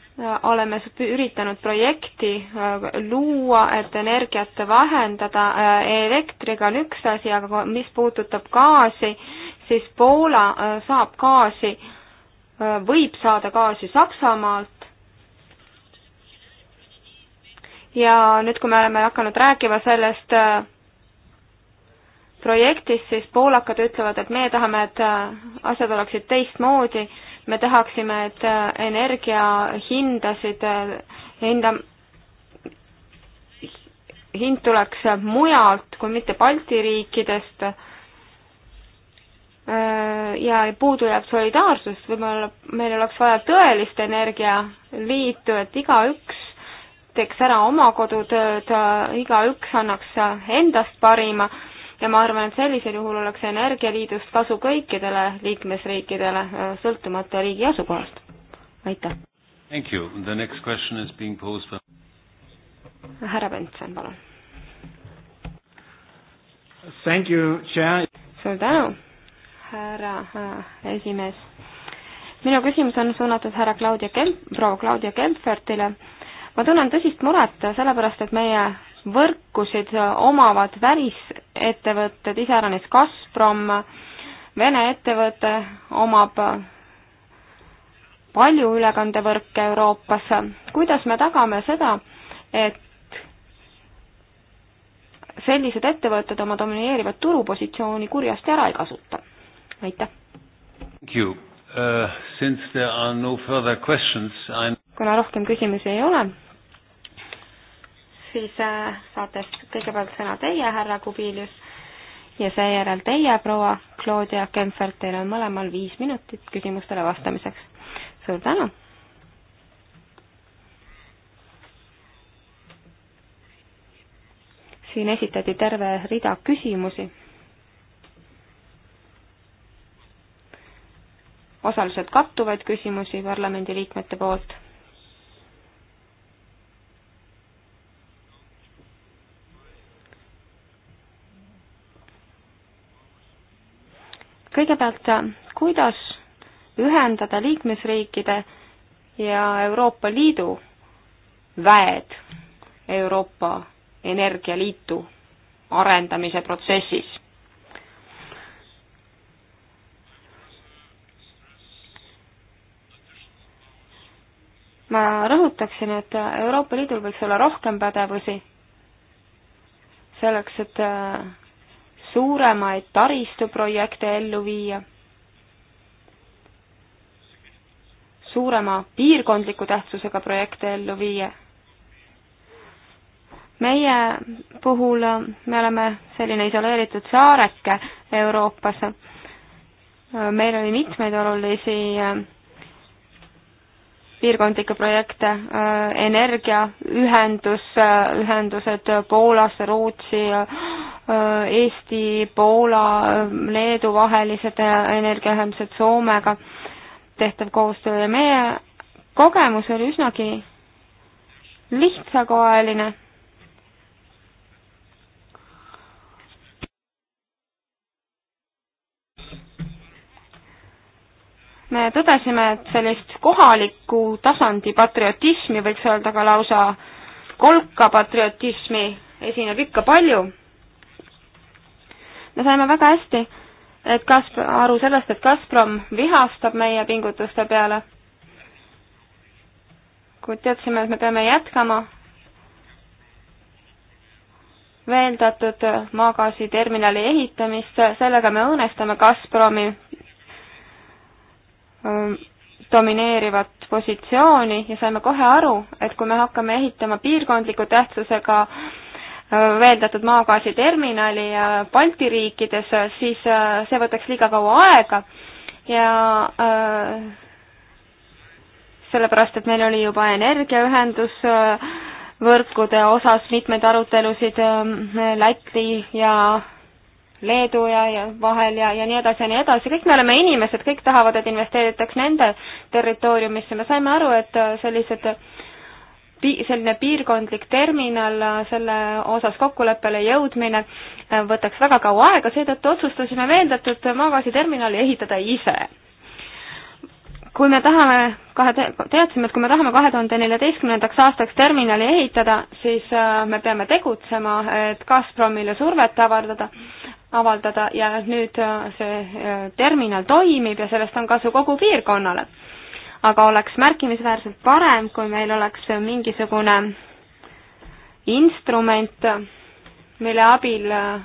oleme üritanud projekti äh, luua, et energiat vahendada. Äh, elektriga on üks asi, aga mis puudutab gaasi, siis Poola äh, saab gaasi, võib saada gaasi Saksamaalt. ja nüüd, kui me oleme hakanud rääkima sellest projektist, siis poolakad ütlevad, et meie tahame, et asjad oleksid teistmoodi me tahaksime, et äh, energiahindasid, äh, hinda, hind tuleks mujalt kui mitte Balti riikidest äh, ja puudu jääb solidaarsust, võib-olla meil oleks vaja tõelist energialiitu, et igaüks teeks ära oma kodutööd, igaüks annaks endast parima ja ma arvan, et sellisel juhul oleks Energialiidust kasu kõikidele liikmesriikidele, äh, sõltumata riigi asukohast. aitäh! Thank you. The next question is being posed by härra Bentsen, palun. Thank you, Chair. suur tänu, härra äh, esimees. minu küsimus on suunatud härra Claudia Kemp, proua Claudia Kempfertile. ma tunnen tõsist muret, sellepärast et meie võrkusid omavad välisettevõtted, iseäranis Gazprom, Vene ettevõte omab palju ülekandevõrke Euroopas. kuidas me tagame seda, et sellised ettevõtted oma domineerivat turupositsiooni kurjasti ära ei kasuta? aitäh! Uh, no questions, I'm... kuna rohkem küsimusi ei ole, siis äh, saate kõigepealt sõna teie, härra Kubilius, ja seejärel teie, proua Claudia Kempfert, teil on mõlemal viis minutit küsimustele vastamiseks. suur tänu! siin esitati terve rida küsimusi osaliselt kattuvaid küsimusi parlamendiliikmete poolt. kõigepealt, kuidas ühendada liikmesriikide ja Euroopa Liidu väed Euroopa Energialiitu arendamise protsessis? ma rõhutaksin, et Euroopa Liidul võiks olla rohkem pädevusi selleks, et suuremaid taristuprojekte ellu viia, suurema piirkondliku tähtsusega projekte ellu viia. meie puhul me oleme selline isoleeritud saareke Euroopas. meil oli mitmeid olulisi äh, piirkondlikke projekte, äh, energiaühendus, äh, ühendused Poolasse, Rootsi, Äh, Eesti, Poola, Leedu vahelised äh, energiaühendused Soomega tehtav koostöö ja meie kogemus oli üsnagi lihtsakoeline me tõdesime, et sellist kohaliku tasandi patriotismi, võiks öelda ka lausa kolka patriotismi, esineb ikka palju me saime väga hästi et Kasp-, aru sellest, et Gazprom vihastab meie pingutuste peale, kuid teadsime, et me peame jätkama veeldatud maagaasiterminali ehitamist, sellega me õõnestame Gazpromi ähm, domineerivat positsiooni ja saime kohe aru, et kui me hakkame ehitama piirkondliku tähtsusega äh, Äh, veeldatud maagaasi terminali äh, Balti riikides, äh, siis see võtaks liiga kaua aega ja sellepärast, et meil oli juba energiaühendus võrkude osas mitmeid arutelusid Läti ja Leedu ja, ja vahel ja, ja nii edasi ja nii edasi, kõik me oleme inimesed, kõik tahavad, et investeeritaks nende territooriumisse, me saime aru, et sellised äh, pi-, selline piirkondlik terminal, selle osas kokkuleppele jõudmine äh, võtaks väga kaua aega, seetõttu otsustasime veeldatud maagaasiterminali ehitada ise. kui me tahame kahe te-, teadsime, et kui me tahame kahe tuhande neljateistkümnendaks aastaks terminali ehitada, siis äh, me peame tegutsema, et Gazpromile survet avaldada, avaldada ja nüüd äh, see terminal toimib ja sellest on kasu kogu piirkonnale aga oleks märkimisväärselt parem, kui meil oleks mingisugune instrument, mille abil äh,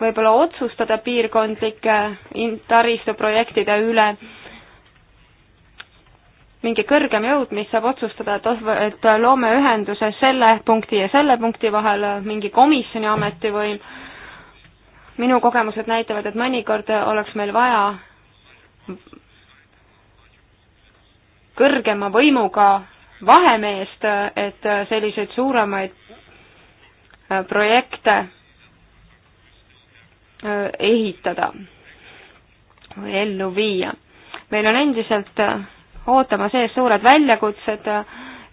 võib-olla otsustada piirkondlike taristuprojektide üle mingi kõrgem jõud, mis saab otsustada, et, et loome ühenduse selle punkti ja selle punkti vahel, mingi komisjoni ametivõim. minu kogemused näitavad, et mõnikord oleks meil vaja kõrgema võimuga vahemeest, et selliseid suuremaid äh, projekte äh, ehitada või ellu viia. meil on endiselt äh, ootama sees suured väljakutsed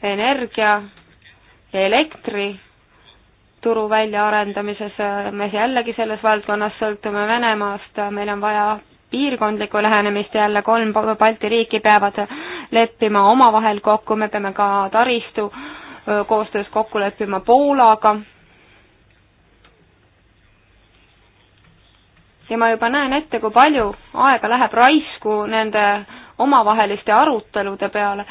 energia ja elektri turu väljaarendamises, me jällegi selles valdkonnas sõltume Venemaast, meil on vaja piirkondlikku lähenemist jälle, kolm Balti riiki peavad leppima omavahel kokku, me peame ka taristu koostöös kokku leppima Poolaga. ja ma juba näen ette, kui palju aega läheb raisku nende omavaheliste arutelude peale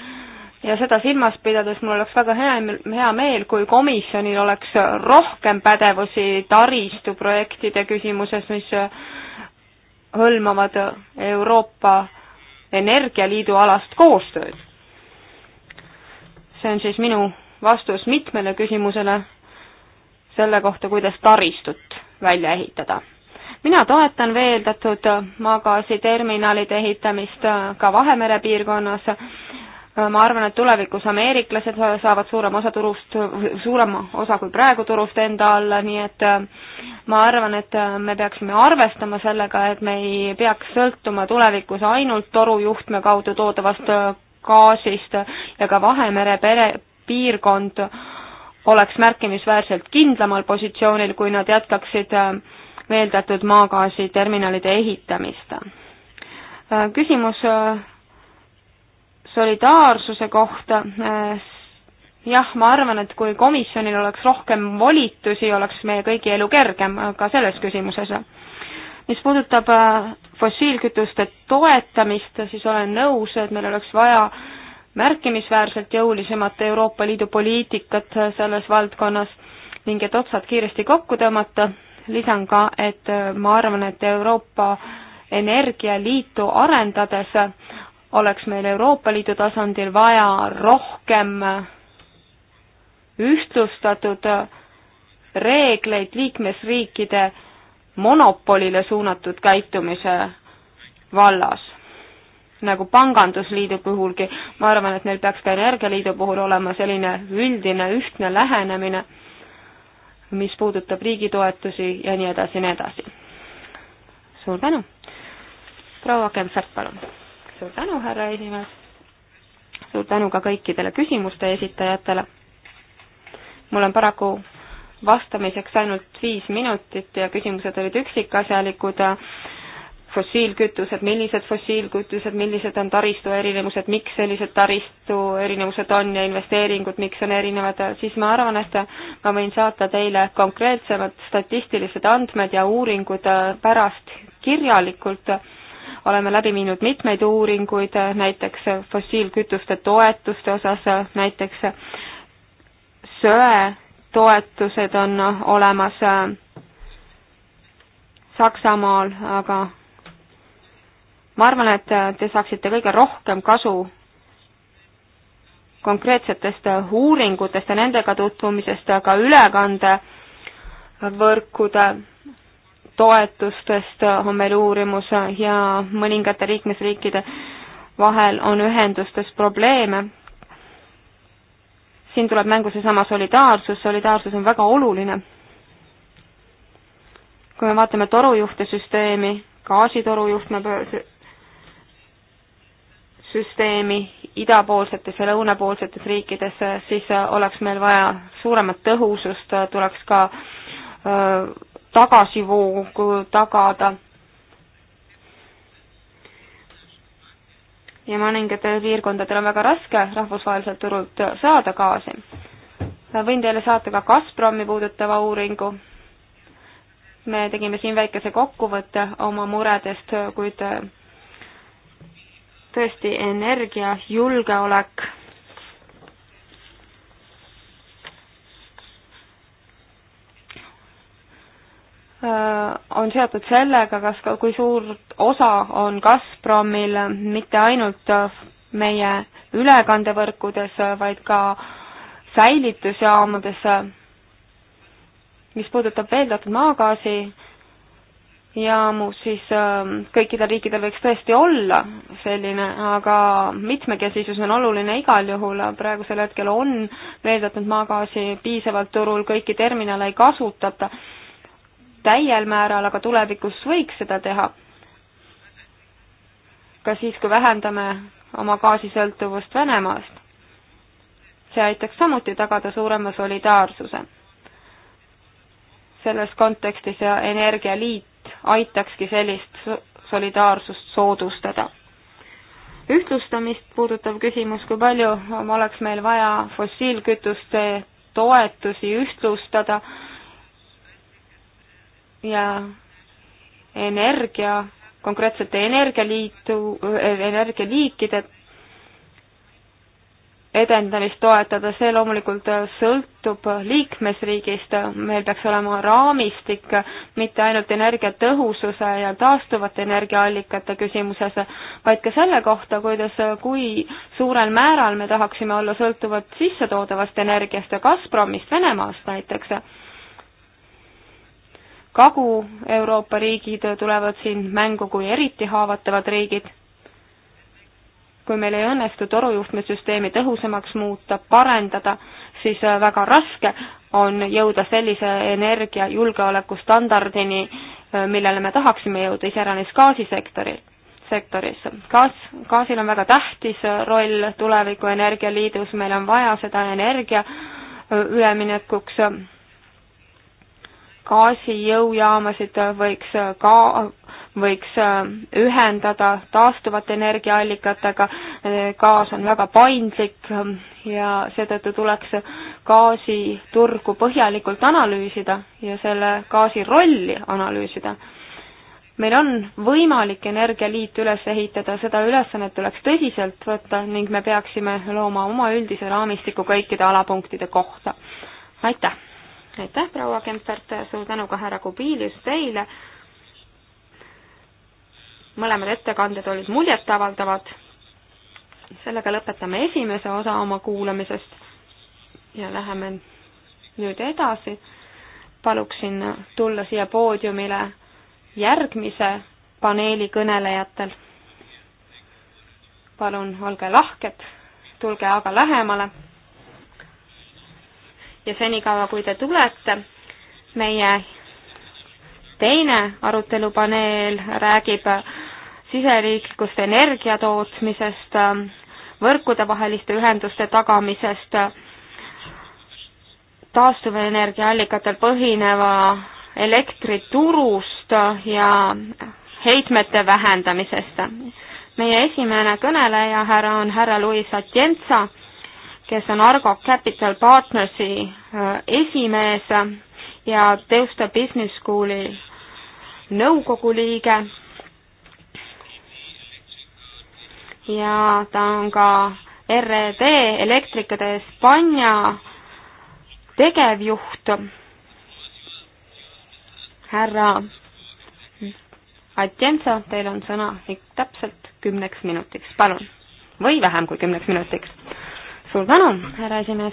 ja seda silmas pidades mul oleks väga hea, hea meel, kui komisjonil oleks rohkem pädevusi taristuprojektide küsimuses, mis hõlmavad Euroopa energialiidu alast koostööd. see on siis minu vastus mitmele küsimusele selle kohta, kuidas taristut välja ehitada. mina toetan veeldatud maagaasiterminalide ehitamist ka Vahemere piirkonnas ma arvan, et tulevikus ameeriklased saavad suurema osa turust, suurema osa kui praegu turust enda alla, nii et äh, ma arvan, et äh, me peaksime arvestama sellega, et me ei peaks sõltuma tulevikus ainult torujuhtme kaudu toodavast äh, gaasist ja ka Vahemere pere, piirkond oleks märkimisväärselt kindlamal positsioonil, kui nad jätkaksid veeldatud maagaasi terminalide ehitamist. küsimus solidaarsuse kohta, äh, jah, ma arvan, et kui komisjonil oleks rohkem volitusi, oleks meie kõigi elu kergem ka selles küsimuses. mis puudutab äh, fossiilkütuste toetamist, siis olen nõus, et meil oleks vaja märkimisväärselt jõulisemat Euroopa Liidu poliitikat selles valdkonnas ning et otsad kiiresti kokku tõmmata. lisan ka, et äh, ma arvan, et Euroopa Energialiitu arendades oleks meil Euroopa Liidu tasandil vaja rohkem ühtlustatud reegleid liikmesriikide monopolile suunatud käitumise vallas, nagu Pangandusliidu puhulgi, ma arvan, et meil peaks ka Energialiidu puhul olema selline üldine ühtne lähenemine, mis puudutab riigitoetusi ja nii edasi ja nii edasi. suur tänu! proua Kempfert, palun! suur tänu, härra esimees. suur tänu ka kõikidele küsimuste esitajatele. mul on paraku vastamiseks ainult viis minutit ja küsimused olid üksikasjalikud fossiilkütused, millised fossiilkütused, millised on taristu erinevused, miks sellised taristu erinevused on ja investeeringud, miks on erinevad, siis ma arvan, et ma võin saata teile konkreetsemad statistilised andmed ja uuringud pärast kirjalikult oleme läbi viinud mitmeid uuringuid, äh, näiteks äh, fossiilkütuste toetuste osas, äh, näiteks söetoetused on olemas Saksamaal, aga ma arvan, et te saaksite kõige rohkem kasu konkreetsetest uuringutest ja nendega tutvumisest, aga ülekandevõrkude toetustest on meil uurimus ja mõningate liikmesriikide vahel on ühendustes probleeme. siin tuleb mängu seesama solidaarsus, solidaarsus on väga oluline. kui me vaatame torujuhte süsteemi, gaasitorujuhtme süsteemi idapoolsetes ja lõunapoolsetes riikides, siis oleks meil vaja suuremat tõhusust, tuleks ka öö, tagasivoogu tagada. ja mõningatel piirkondadel on väga raske rahvusvaheliselt turult saada gaasi. võin teile saata ka Gazpromi puudutava uuringu. me tegime siin väikese kokkuvõtte oma muredest, kuid tõesti energiajulgeolek Äh, on seotud sellega, kas, kui suur osa on Gazpromil mitte ainult äh, meie ülekandevõrkudes, äh, vaid ka säilitusjaamades, mis puudutab veeldatud maagaasi jaamu, siis kõikidel riikidel võiks tõesti olla selline, aga mitmekesisus on oluline igal juhul, praegusel hetkel on veeldatud maagaasi piisavalt turul, kõiki terminale ei kasutata täiel määral, aga tulevikus võiks seda teha. ka siis, kui vähendame oma gaasisõltuvust Venemaast. see aitaks samuti tagada suurema solidaarsuse. selles kontekstis ja Energialiit aitakski sellist solidaarsust soodustada ühtlustamist puudutav küsimus, kui palju oleks meil vaja fossiilkütuste toetusi ühtlustada ja energia, konkreetsete energialiitu, energialiikide edendamist toetada, see loomulikult sõltub liikmesriigist, meil peaks olema raamistik mitte ainult energiatõhususe ja taastuvate energiaallikate küsimuses, vaid ka selle kohta, kuidas, kui suurel määral me tahaksime olla sõltuvad sissetoodavast energiast ja Gazpromist Venemaast näiteks Kagu-Euroopa riigid tulevad siin mängu kui eriti haavatavad riigid. kui meil ei õnnestu torujuhtmesüsteemi tõhusamaks muuta, parendada, siis äh, väga raske on jõuda sellise energiajulgeoleku standardini, äh, millele me tahaksime jõuda, iseäranis gaasisektoril sektoris. gaas, gaasil on väga tähtis äh, roll tuleviku energialiidus, meil on vaja seda energia üleminekuks gaasijõujaamasid võiks ka, võiks äh, ühendada taastuvate energiaallikatega, gaas on väga paindlik ähm, ja seetõttu tuleks gaasiturgu põhjalikult analüüsida ja selle gaasi rolli analüüsida. meil on võimalik energialiit üles ehitada, seda ülesannet tuleks tõsiselt võtta ning me peaksime looma oma üldise raamistiku kõikide alapunktide kohta. aitäh! aitäh, proua Kempfert, suur tänu ka härra Kubilius teile. mõlemad ettekanded olid muljetavaldavad. sellega lõpetame esimese osa oma kuulamisest ja läheme nüüd edasi. paluksin tulla siia poodiumile järgmise paneeli kõnelejatel. palun, olge lahked, tulge aga lähemale ja senikaua, kui te tulete, meie teine arutelupaneel räägib siseriiklikust energiatootmisest, võrkudevaheliste ühenduste tagamisest, taastuvenergiaallikatel põhineva elektriturust ja heitmete vähendamisest. meie esimene kõneleja härra on härra Luis Atienza, kes on Argo Capital Partnersi äh, esimees ja Teusta Business Schooli nõukogu liige. ja ta on ka RED Elektrikade Hispaania tegevjuht, härra Atienza, teil on sõna täpselt kümneks minutiks, palun. või vähem kui kümneks minutiks suur tänu, härra esimees!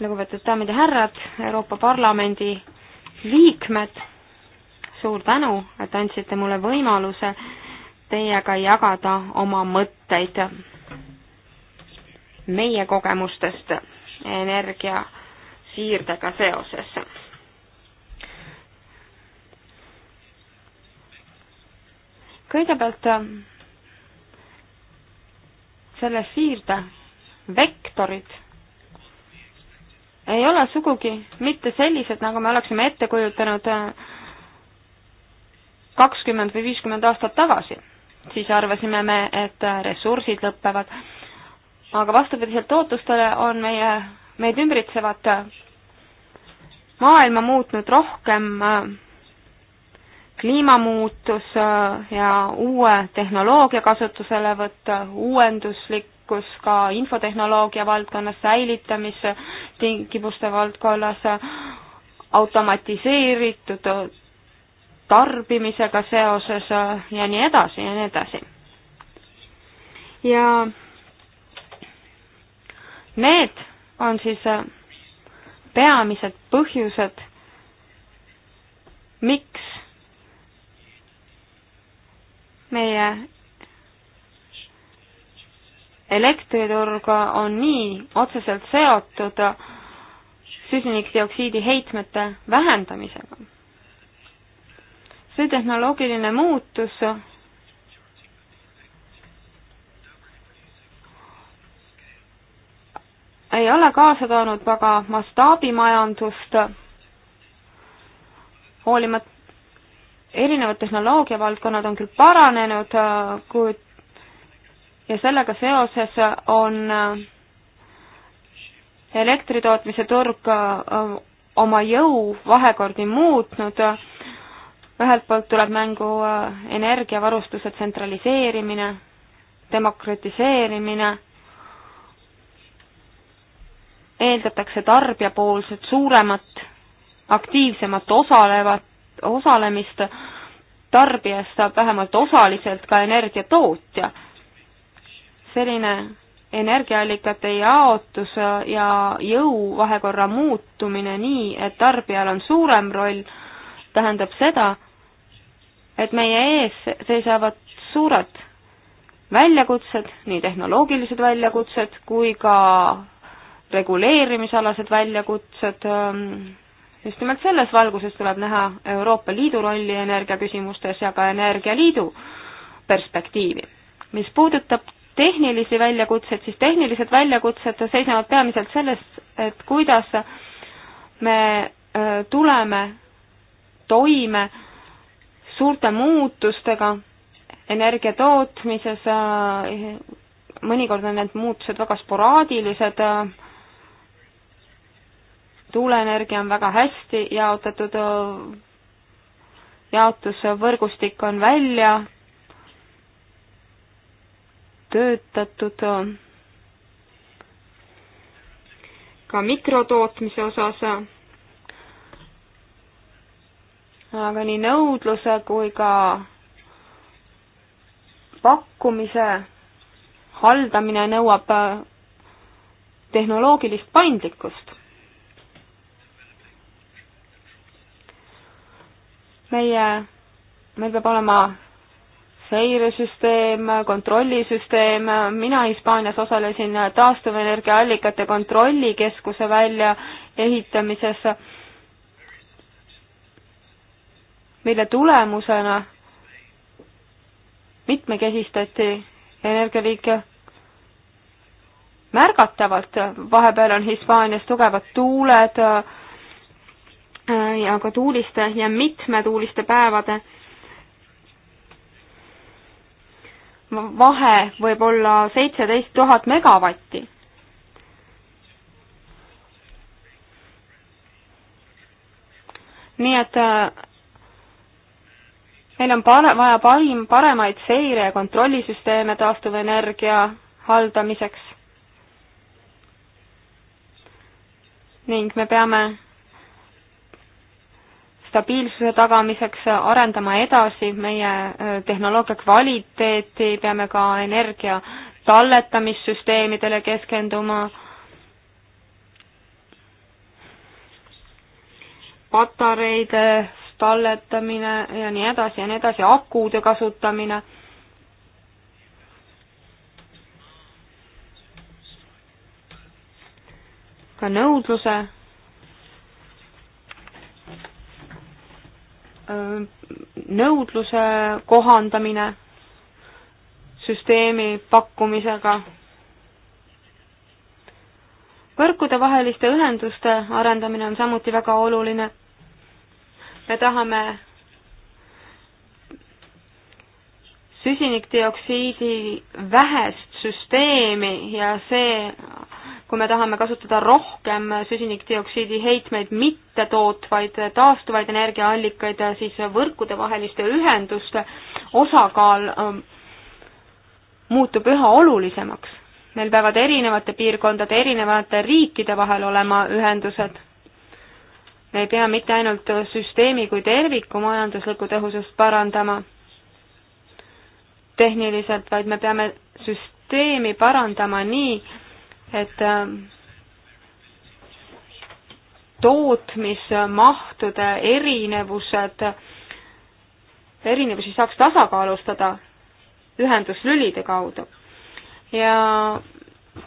lugupeetud daamid ja härrad, Euroopa Parlamendi liikmed, suur tänu, et andsite mulle võimaluse teiega jagada oma mõtteid meie kogemustest energiasiirdega seoses. kõigepealt selle siirde vektorid ei ole sugugi mitte sellised, nagu me oleksime ette kujutanud äh, kakskümmend või viiskümmend aastat tagasi. siis arvasime me, et äh, ressursid lõpevad. aga vastupidiselt ootustele on meie, meid ümbritsevat äh, maailma muutnud rohkem kliimamuutus äh, ja uue tehnoloogia kasutuselevõtt, uuenduslikkus ka infotehnoloogia valdkonnas, säilitamise tingimuste valdkonnas, automatiseeritud tarbimisega seoses äh, ja nii edasi ja nii edasi. ja need on siis äh, peamised põhjused, miks meie elektriturg on nii otseselt seotud süsinikdioksiidi heitmete vähendamisega. see tehnoloogiline muutus ei ole kaasa toonud väga mastaabimajandust, hoolimata erinevad tehnoloogiavaldkonnad on küll paranenud, äh, kuid ja sellega seoses on äh, elektritootmise turg äh, oma jõu vahekordi muutnud. ühelt poolt tuleb mängu energiavarustuse tsentraliseerimine, demokratiseerimine, eeldatakse tarbijapoolset suuremat, aktiivsemat osalevat osalemist, tarbijast saab vähemalt osaliselt ka energiatootja. selline energiaallikate jaotus ja jõuvahekorra muutumine nii, et tarbijal on suurem roll, tähendab seda, et meie ees seisavad suured väljakutsed, nii tehnoloogilised väljakutsed kui ka reguleerimisalased väljakutsed ähm,, just nimelt selles valguses tuleb näha Euroopa Liidu rolli energiaküsimustes ja ka Energialiidu perspektiivi. mis puudutab tehnilisi väljakutseid, siis tehnilised väljakutsed seisnevad peamiselt selles, et kuidas me tuleme toime suurte muutustega energia tootmises, mõnikord on need muutused väga sporaadilised, tuuleenergia on väga hästi jaotatud, jaotusvõrgustik on välja töötatud ka mikrotootmise osas, aga nii nõudluse kui ka pakkumise haldamine nõuab tehnoloogilist paindlikkust. meie, meil peab olema seiresüsteem, kontrollisüsteem, mina Hispaanias osalesin taastuvenergiaallikate kontrollikeskuse väljaehitamises, mille tulemusena mitmekesistati energialiike märgatavalt, vahepeal on Hispaanias tugevad tuuled, Äh, ja ka tuuliste ja mitmetuuliste päevade vahe võib olla seitseteist tuhat megavatti. nii et äh, meil on pare-, vaja parim, paremaid seire- ja kontrollisüsteeme taastuvenergia haldamiseks. ning me peame stabiilsuse tagamiseks arendama edasi meie äh, tehnoloogia kvaliteeti, peame ka energia talletamissüsteemidele keskenduma, patareide talletamine ja nii edasi ja nii edasi, akude kasutamine ka nõudluse Äh, nõudluse kohandamine süsteemi pakkumisega, võrkudevaheliste ühenduste arendamine on samuti väga oluline. me tahame süsinikdioksiidi vähest süsteemi ja see kui me tahame kasutada rohkem süsinikdioksiidi heitmeid mittetootvaid taastuvaid energiaallikaid, siis võrkudevaheliste ühenduste osakaal ähm, muutub üha olulisemaks. meil peavad erinevate piirkondade, erinevate riikide vahel olema ühendused me ei pea mitte ainult süsteemi kui terviku majanduslikku tõhusust parandama tehniliselt, vaid me peame süsteemi parandama nii, et äh, tootmismahtude erinevused, erinevusi saaks tasakaalustada ühenduslülide kaudu. ja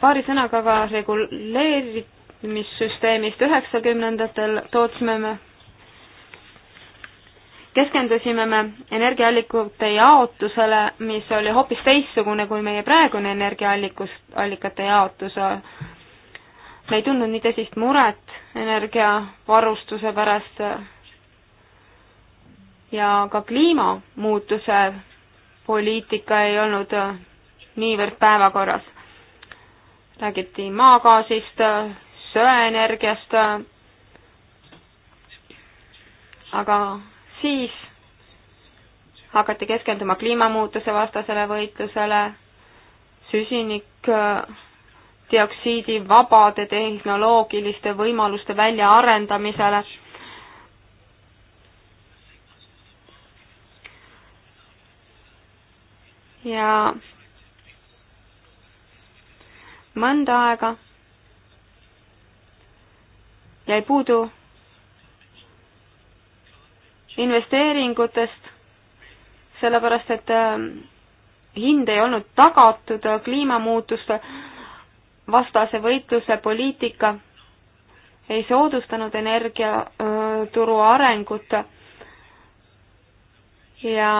paari sõnaga ka reguleerimissüsteemist üheksakümnendatel tootsime me keskendusime me energiaallikute jaotusele, mis oli hoopis teistsugune kui meie praegune energiaallikus, allikate jaotus. me ei tundnud nii tõsist muret energiavarustuse pärast ja ka kliimamuutuse poliitika ei olnud niivõrd päevakorras. räägiti maagaasist, söeenergiast, aga siis hakati keskenduma kliimamuutuse vastasele võitlusele, süsinikdioksiidi äh, vabade tehnoloogiliste võimaluste väljaarendamisele ja mõnda aega jäi puudu investeeringutest, sellepärast et ähm, hind ei olnud tagatud äh, kliimamuutuste vastase võitluse poliitika ei soodustanud energiaturu äh, arengut ja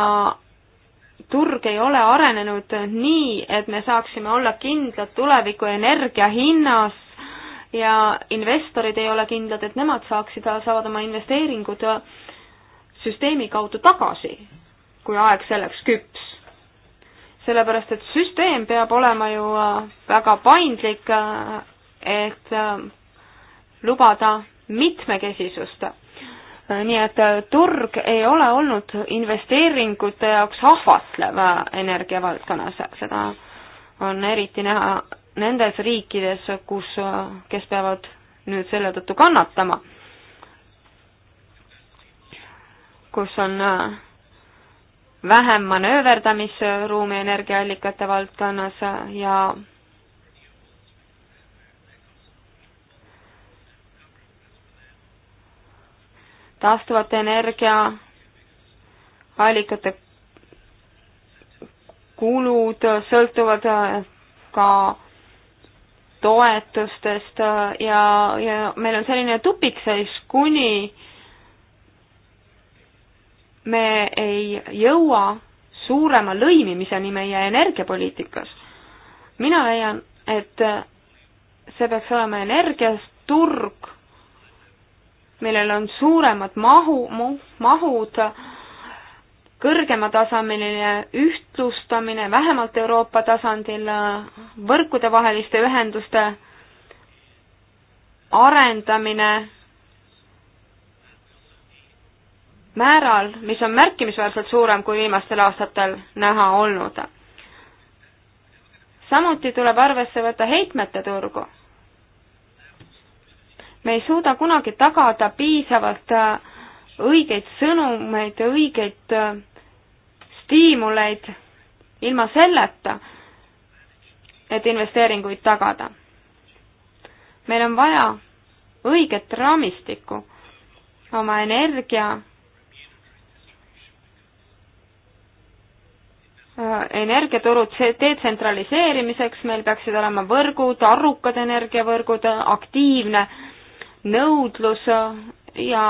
turg ei ole arenenud nii, et me saaksime olla kindlad tuleviku energia hinnas ja investorid ei ole kindlad, et nemad saaksid, saavad oma investeeringud süsteemi kaudu tagasi, kui aeg selleks küps. sellepärast, et süsteem peab olema ju äh, väga paindlik, äh, et äh, lubada mitmekesisust. nii et turg ei ole olnud investeeringute jaoks ahvatlev energiavaldkonnas, seda on eriti näha nendes riikides, kus, kes peavad nüüd selle tõttu kannatama kus on äh, vähem manööverdamisruumi energiaallikate valdkonnas äh, ja taastuvate energiaallikate kulud sõltuvad äh, ka toetustest ja, ja meil on selline tupikseis, kuni äh, me ei jõua suurema lõimimiseni meie energiapoliitikas. mina leian, et see peaks olema energiaturg, millel on suuremad mahu, mahud, kõrgematasemeline ühtlustamine vähemalt Euroopa tasandil, võrkudevaheliste ühenduste arendamine määral, mis on märkimisväärselt suurem kui viimastel aastatel näha olnud. samuti tuleb arvesse võtta heitmete turgu. me ei suuda kunagi tagada piisavalt äh, õigeid sõnumeid, õigeid äh, stiimuleid ilma selleta, et investeeringuid tagada. meil on vaja õiget raamistikku oma energia Äh, energiaturud detsentraliseerimiseks, meil peaksid olema võrgud, arukad energiavõrgud, aktiivne nõudlus äh, ja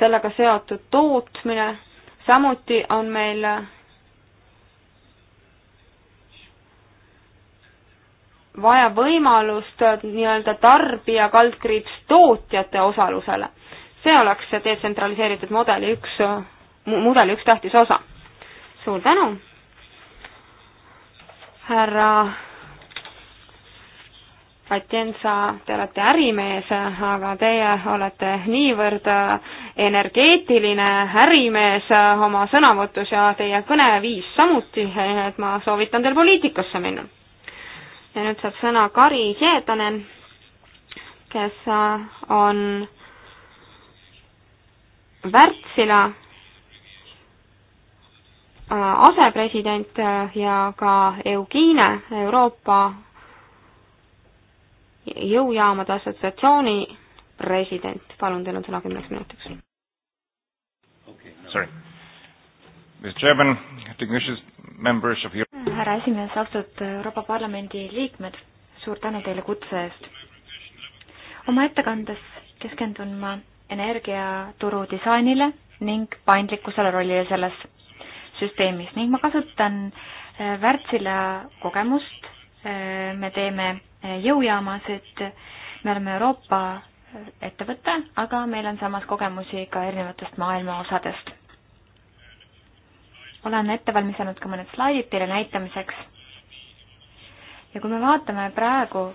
sellega seotud tootmine, samuti on meil äh, vaja võimalust nii-öelda tarbija kaldkriips tootjate osalusele. see oleks see detsentraliseeritud mudeli üks, mudeli üks tähtis osa suur tänu, härra Atjensa, te olete ärimees, aga teie olete niivõrd energeetiline ärimees oma sõnavõtus ja teie kõneviis samuti, et ma soovitan teil poliitikasse minna. ja nüüd saab sõna Kari Seetonen, kes on Wärtsilä Äh, asepresident äh, ja ka Eugine Euroopa jõujaamade assotsiatsiooni president. palun, teil on sõna kümneks minutiks okay,. Sorry. Mr Chairman, distinguished members of Europe. härra esimees, austatud Euroopa Parlamendi liikmed, suur tänu teile kutse eest. oma ettekandes keskendun ma energiaturu disainile ning paindlikkusele rollile selles süsteemis ning ma kasutan äh, Wärtsilä kogemust. Äh, me teeme äh, jõujaamasid, me oleme Euroopa ettevõte, aga meil on samas kogemusi ka erinevatest maailma osadest. olen ette valmistanud ka mõned slaidid teile näitamiseks. ja kui me vaatame praegu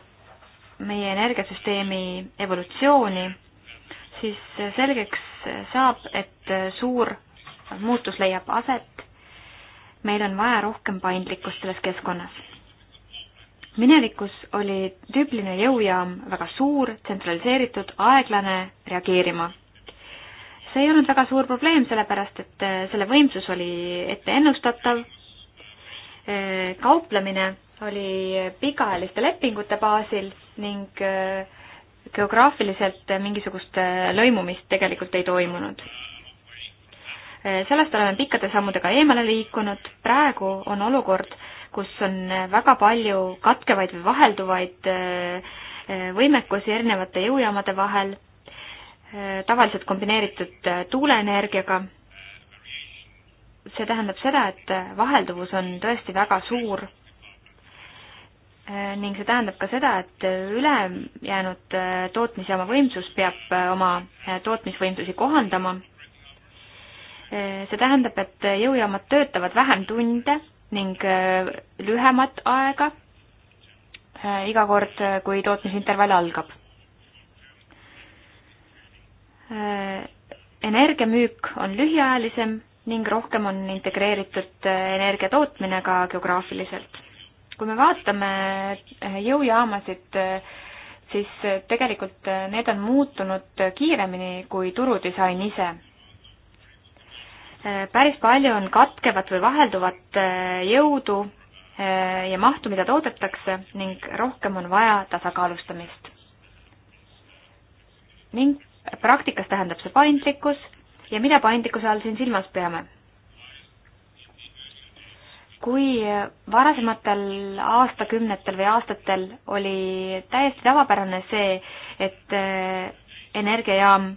meie energiasüsteemi evolutsiooni, siis selgeks saab, et suur muutus leiab aset meil on vaja rohkem paindlikkust selles keskkonnas. minevikus oli tüüpiline jõujaam väga suur, tsentraliseeritud, aeglane, reageerima. see ei olnud väga suur probleem, sellepärast et äh, selle võimsus oli ette ennustatav, äh, kauplemine oli pikaajaliste lepingute baasil ning äh, geograafiliselt mingisugust lõimumist tegelikult ei toimunud Äh, sellest oleme pikkade sammudega eemale liikunud, praegu on olukord, kus on väga palju katkevaid või vahelduvaid äh, äh, võimekusi erinevate jõujaamade vahel, tavaliselt kombineeritud tuuleenergiaga, see tähendab seda, et vahelduvus on tõesti väga suur ning see tähendab ka seda, et ülejäänud tootmisjaama võimsus peab oma tootmisvõimsusi kohandama see tähendab, et jõujaamad töötavad vähem tunde ning äh, lühemat aega äh, iga kord, äh, kui tootmisintervall algab. energiamüük on lühiajalisem ning rohkem on integreeritud energia tootmine ka geograafiliselt. kui me vaatame jõujaamasid, siis tegelikult need on muutunud kiiremini kui turudisain ise Äh, päris palju on katkevat või vahelduvat äh, jõudu äh, ja mahtu, mida toodetakse ning rohkem on vaja tasakaalustamist. ning praktikas tähendab see paindlikkus ja mida paindlikkuse all siin silmas peame? kui varasematel aastakümnetel või aastatel oli täiesti tavapärane see, et energiajaam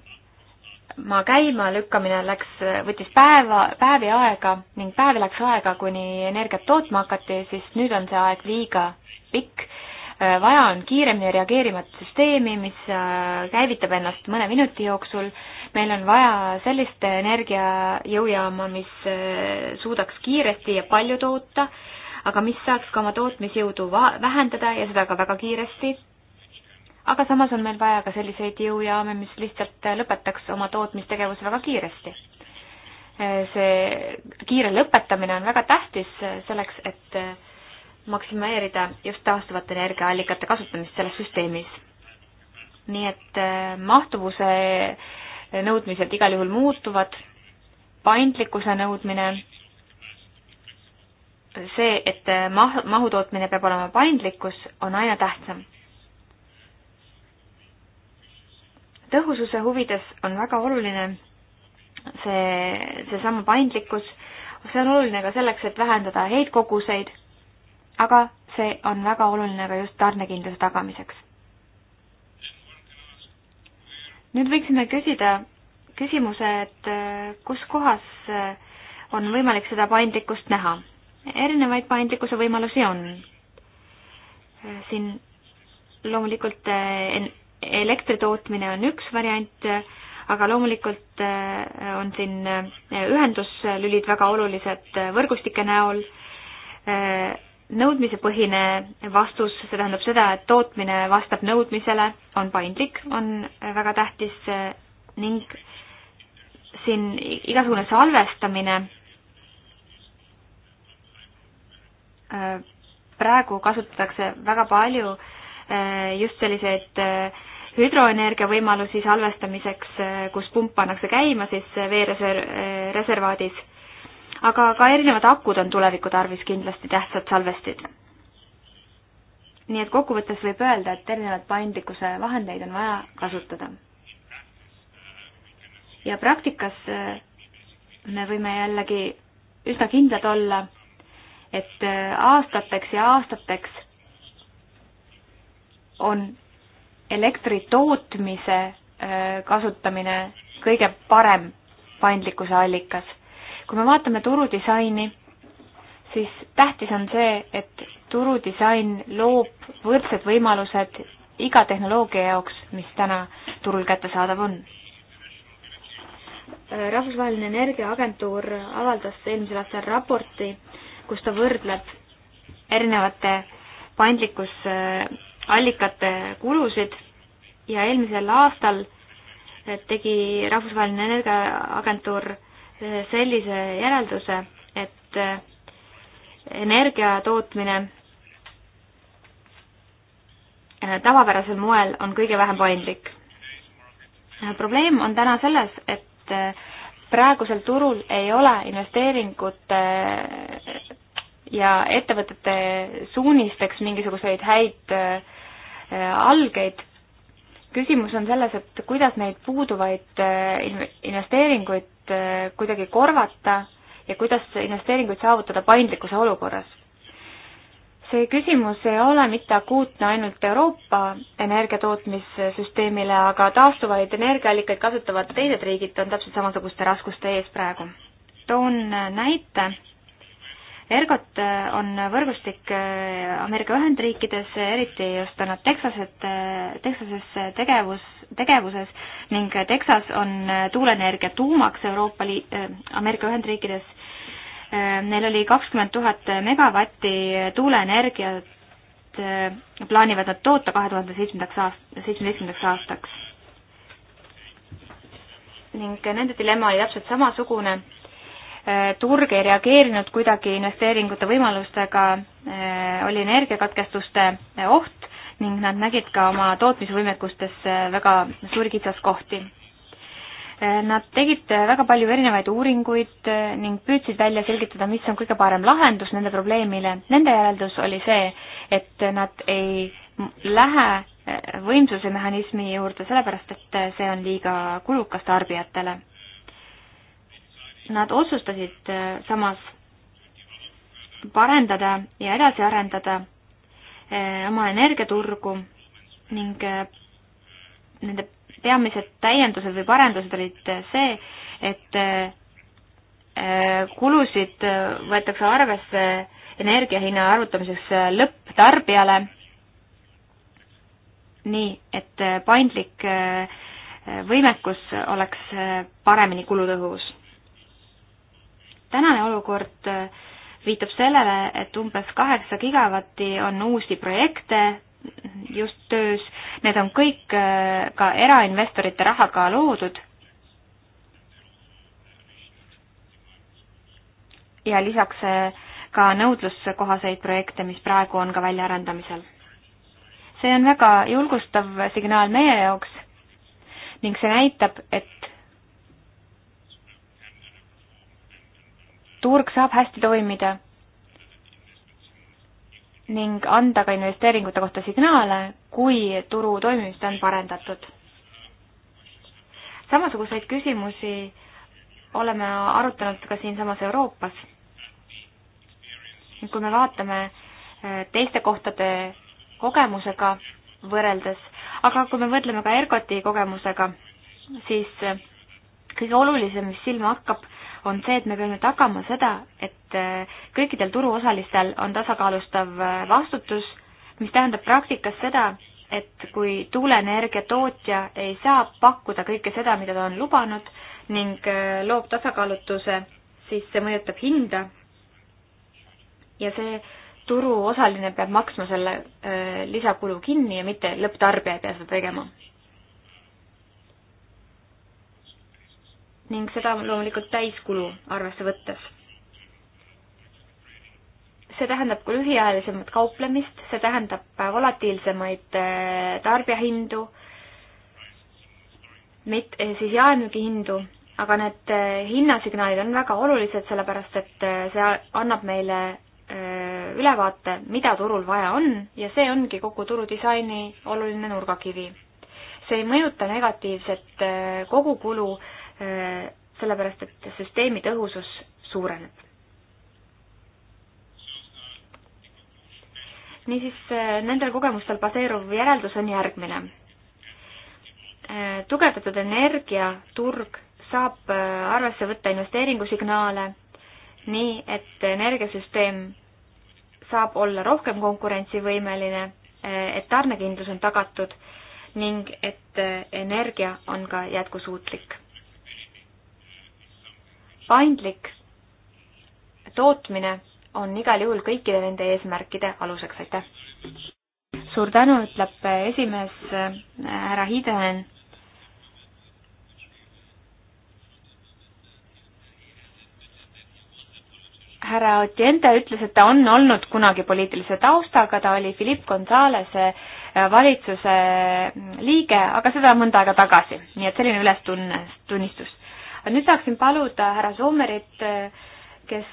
ma käima lükkamine läks, võttis päeva, päevi aega ning päevi läks aega, kuni energiat tootma hakati, siis nüüd on see aeg liiga pikk. Äh, vaja on kiiremini reageerivat süsteemi, mis äh, käivitab ennast mõne minuti jooksul. meil on vaja sellist energiajõujaama, mis äh, suudaks kiiresti ja palju toota, aga mis saaks ka oma tootmisjõudu vähendada ja seda ka väga kiiresti aga samas on meil vaja ka selliseid jõujaame, mis lihtsalt lõpetaks oma tootmistegevuse väga kiiresti. see kiire lõpetamine on väga tähtis selleks, et maksimeerida just taastuvate energiaallikate kasutamist selles süsteemis. nii et äh, mahtuvuse nõudmised igal juhul muutuvad, paindlikkuse nõudmine, see, et äh, mahu, mahutootmine peab olema paindlikkus, on aina tähtsam tõhususe huvides on väga oluline see, seesama paindlikkus, see on oluline ka selleks, et vähendada heitkoguseid, aga see on väga oluline ka just tarnekindluse tagamiseks. nüüd võiksime küsida küsimuse, et äh, kus kohas äh, on võimalik seda paindlikkust näha. erinevaid paindlikkuse võimalusi on. Äh, siin loomulikult elektri tootmine on üks variant, aga loomulikult äh, on siin äh, ühenduslülid väga olulised äh, võrgustike näol, nõudmisepõhine vastus, see tähendab seda, et tootmine vastab nõudmisele, on paindlik, on väga tähtis ning siin igasugune salvestamine praegu kasutatakse väga palju just selliseid hüdroenergia võimalusi salvestamiseks, eh, kus pump pannakse käima siis eh, veereser-, eh, reservaadis. aga ka erinevad akud on tuleviku tarvis kindlasti tähtsad salvestid. nii et kokkuvõttes võib öelda, et erinevaid paindlikkuse vahendeid on vaja kasutada. ja praktikas me võime jällegi üsna kindlad olla, et aastateks ja aastateks on elektri tootmise äh, kasutamine kõige parem paindlikkuse allikas. kui me vaatame turudisaini, siis tähtis on see, et turudisain loob võrdsed võimalused iga tehnoloogia jaoks, mis täna turul kättesaadav on. Äh, rahvusvaheline Energiaagentuur avaldas eelmisel aastal raporti, kus ta võrdleb erinevate paindlikkus äh, allikate kulusid ja eelmisel aastal eh, tegi Rahvusvaheline Energiaagentuur eh, sellise järelduse, et eh, energia tootmine tavapärasel moel on kõige vähem paindlik. probleem on täna selles, et praegusel turul ei ole investeeringute ja ettevõtete suunisteks mingisuguseid häid Äh, algeid. küsimus on selles, et kuidas neid puuduvaid äh, investeeringuid äh, kuidagi korvata ja kuidas investeeringuid saavutada paindlikkuse olukorras. see küsimus ei ole mitte akuutne ainult Euroopa energiatootmissüsteemile, aga taastuvaid energiaallikaid kasutavad teised riigid on täpselt samasuguste raskuste ees praegu. toon näite ERGOT äh, on võrgustik äh, Ameerika Ühendriikides, eriti just nad Texaset, äh, Texases tegevus, tegevuses ning Texas on tuuleenergia tuumaks Euroopa Liit, Ameerika Ühendriikides. Neil oli kakskümmend tuhat megavatti tuuleenergiat, plaanivad nad toota kahe tuhande seitsmendaks aast-, seitsmeteistkümnendaks aastaks. ning nende dilemma oli täpselt samasugune Äh, turg ei reageerinud kuidagi investeeringute võimalustega, äh, oli energiakatkestuste äh, oht ning nad nägid ka oma tootmisvõimekustes väga suuri kitsaskohti. Nad tegid väga palju erinevaid uuringuid ning püüdsid välja selgitada, mis on kõige parem lahendus nende probleemile. Nende järeldus oli see, et nad ei lähe võimsuse mehhanismi juurde, sellepärast et see on liiga kulukas tarbijatele nad otsustasid äh, samas parendada ja edasi arendada äh, oma energiaturgu ning äh, nende peamised täiendused või parendused olid see, et kulusid võetakse arvesse energiahinna arvutamiseks lõpptarbijale, nii et paindlik võimekus oleks paremini kulutõhus tänane olukord äh, viitab sellele, et umbes kaheksa gigavatti on uusi projekte just töös, need on kõik äh, ka erainvestorite rahaga loodud. ja lisaks äh, ka nõudluskohaseid projekte, mis praegu on ka väljaarendamisel. see on väga julgustav signaal meie jaoks ning see näitab, et turg saab hästi toimida ning anda ka investeeringute kohta signaale, kui turu toimimist on parendatud. samasuguseid küsimusi oleme arutanud ka siinsamas Euroopas. kui me vaatame eh, teiste kohtade kogemusega võrreldes, aga kui me võrdleme ka ERGOT-i kogemusega, siis eh, kõige olulisem, mis silma hakkab, on see, et me peame tagama seda, et äh, kõikidel turuosalistel on tasakaalustav äh, vastutus, mis tähendab praktikas seda, et kui tuuleenergia tootja ei saa pakkuda kõike seda, mida ta on lubanud ning äh, loob tasakaalutuse, siis see mõjutab hinda ja see turuosaline peab maksma selle lisakulu kinni ja mitte lõpptarbija ei pea seda tegema ning seda loomulikult täiskulu arvesse võttes. see tähendab ka lühiajalisemat kauplemist, see tähendab volatiilsemaid äh, tarbijahindu, mitte äh, siis jaemüügihindu, aga need äh, hinnasignaalid on väga olulised, sellepärast et see annab meile ülevaate, mida turul vaja on ja see ongi kogu turudisaini oluline nurgakivi. see ei mõjuta negatiivset kogukulu, Äh, sellepärast et süsteemi tõhusus suureneb. niisiis, äh, nendel kogemustel baseeruv järeldus on järgmine. Äh, tugevdatud energiaturg saab arvesse võtta investeeringusignaale nii, et energiasüsteem saab olla rohkem konkurentsivõimeline, et tarnekindlus on tagatud ning et energia on ka jätkusuutlik paindlik tootmine on igal juhul kõikide nende eesmärkide aluseks, aitäh! suur tänu, ütleb esimees äh, härra Hiden. härra Otiende ütles, et ta on olnud kunagi poliitilise taustaga, ta oli Philipp Gonzalese äh, valitsuse mm, liige, aga seda mõnda aega tagasi, nii et selline ülestunne, tunnistus nüüd tahaksin paluda härra Soomerit, kes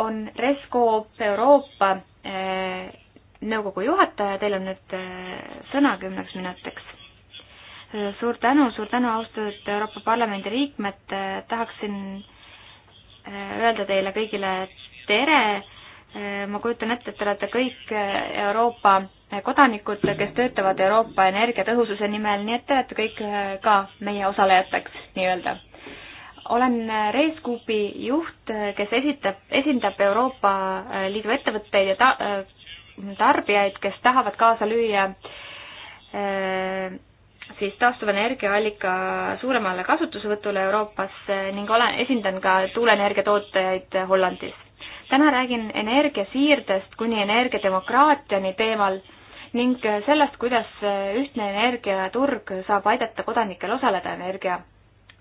on Rescoop Euroopa eh, nõukogu juhataja, teil on nüüd eh, sõna kümneks minutiks. Eh, suur tänu, suur tänu, austatud Euroopa Parlamendi liikmed, tahaksin öelda teile kõigile tere, ma kujutan ette, et te olete kõik Euroopa kodanikud, kes töötavad Euroopa energiatõhususe nimel, nii et te olete kõik ka meie osalejateks nii-öelda olen Rees Kuubi juht, kes esitab, esindab Euroopa Liidu ettevõtteid ja ta, tarbijaid, kes tahavad kaasa lüüa eh, siis taastuvenergiaallika suuremale kasutusvõtule Euroopas eh, ning olen, esindan ka tuuleenergia tootajaid Hollandis. täna räägin energiasiirdest kuni energiademokraatiani teemal ning sellest, kuidas ühtne energiaturg saab aidata kodanikel osaleda energia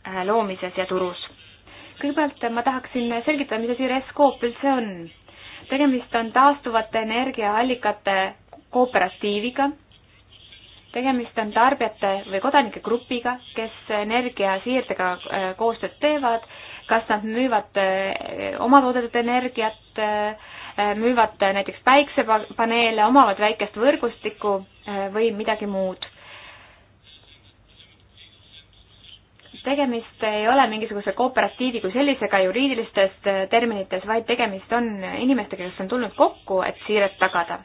Äh, loomises ja turus. kõigepealt ma tahaksin selgitada, mis asi Res Coop üldse on. tegemist on taastuvate energiaallikate kooperatiiviga, tegemist on tarbijate või kodanike grupiga, kes energiasiirdega äh, koostööd teevad, kas nad müüvad äh, oma toodetud energiat, müüvad näiteks päiksepaneele, omavad väikest võrgustikku või midagi muud tegemist ei ole mingisuguse kooperatiivi kui sellisega juriidilistes äh, terminites, vaid tegemist on inimestega, kes on tulnud kokku, et siiret tagada.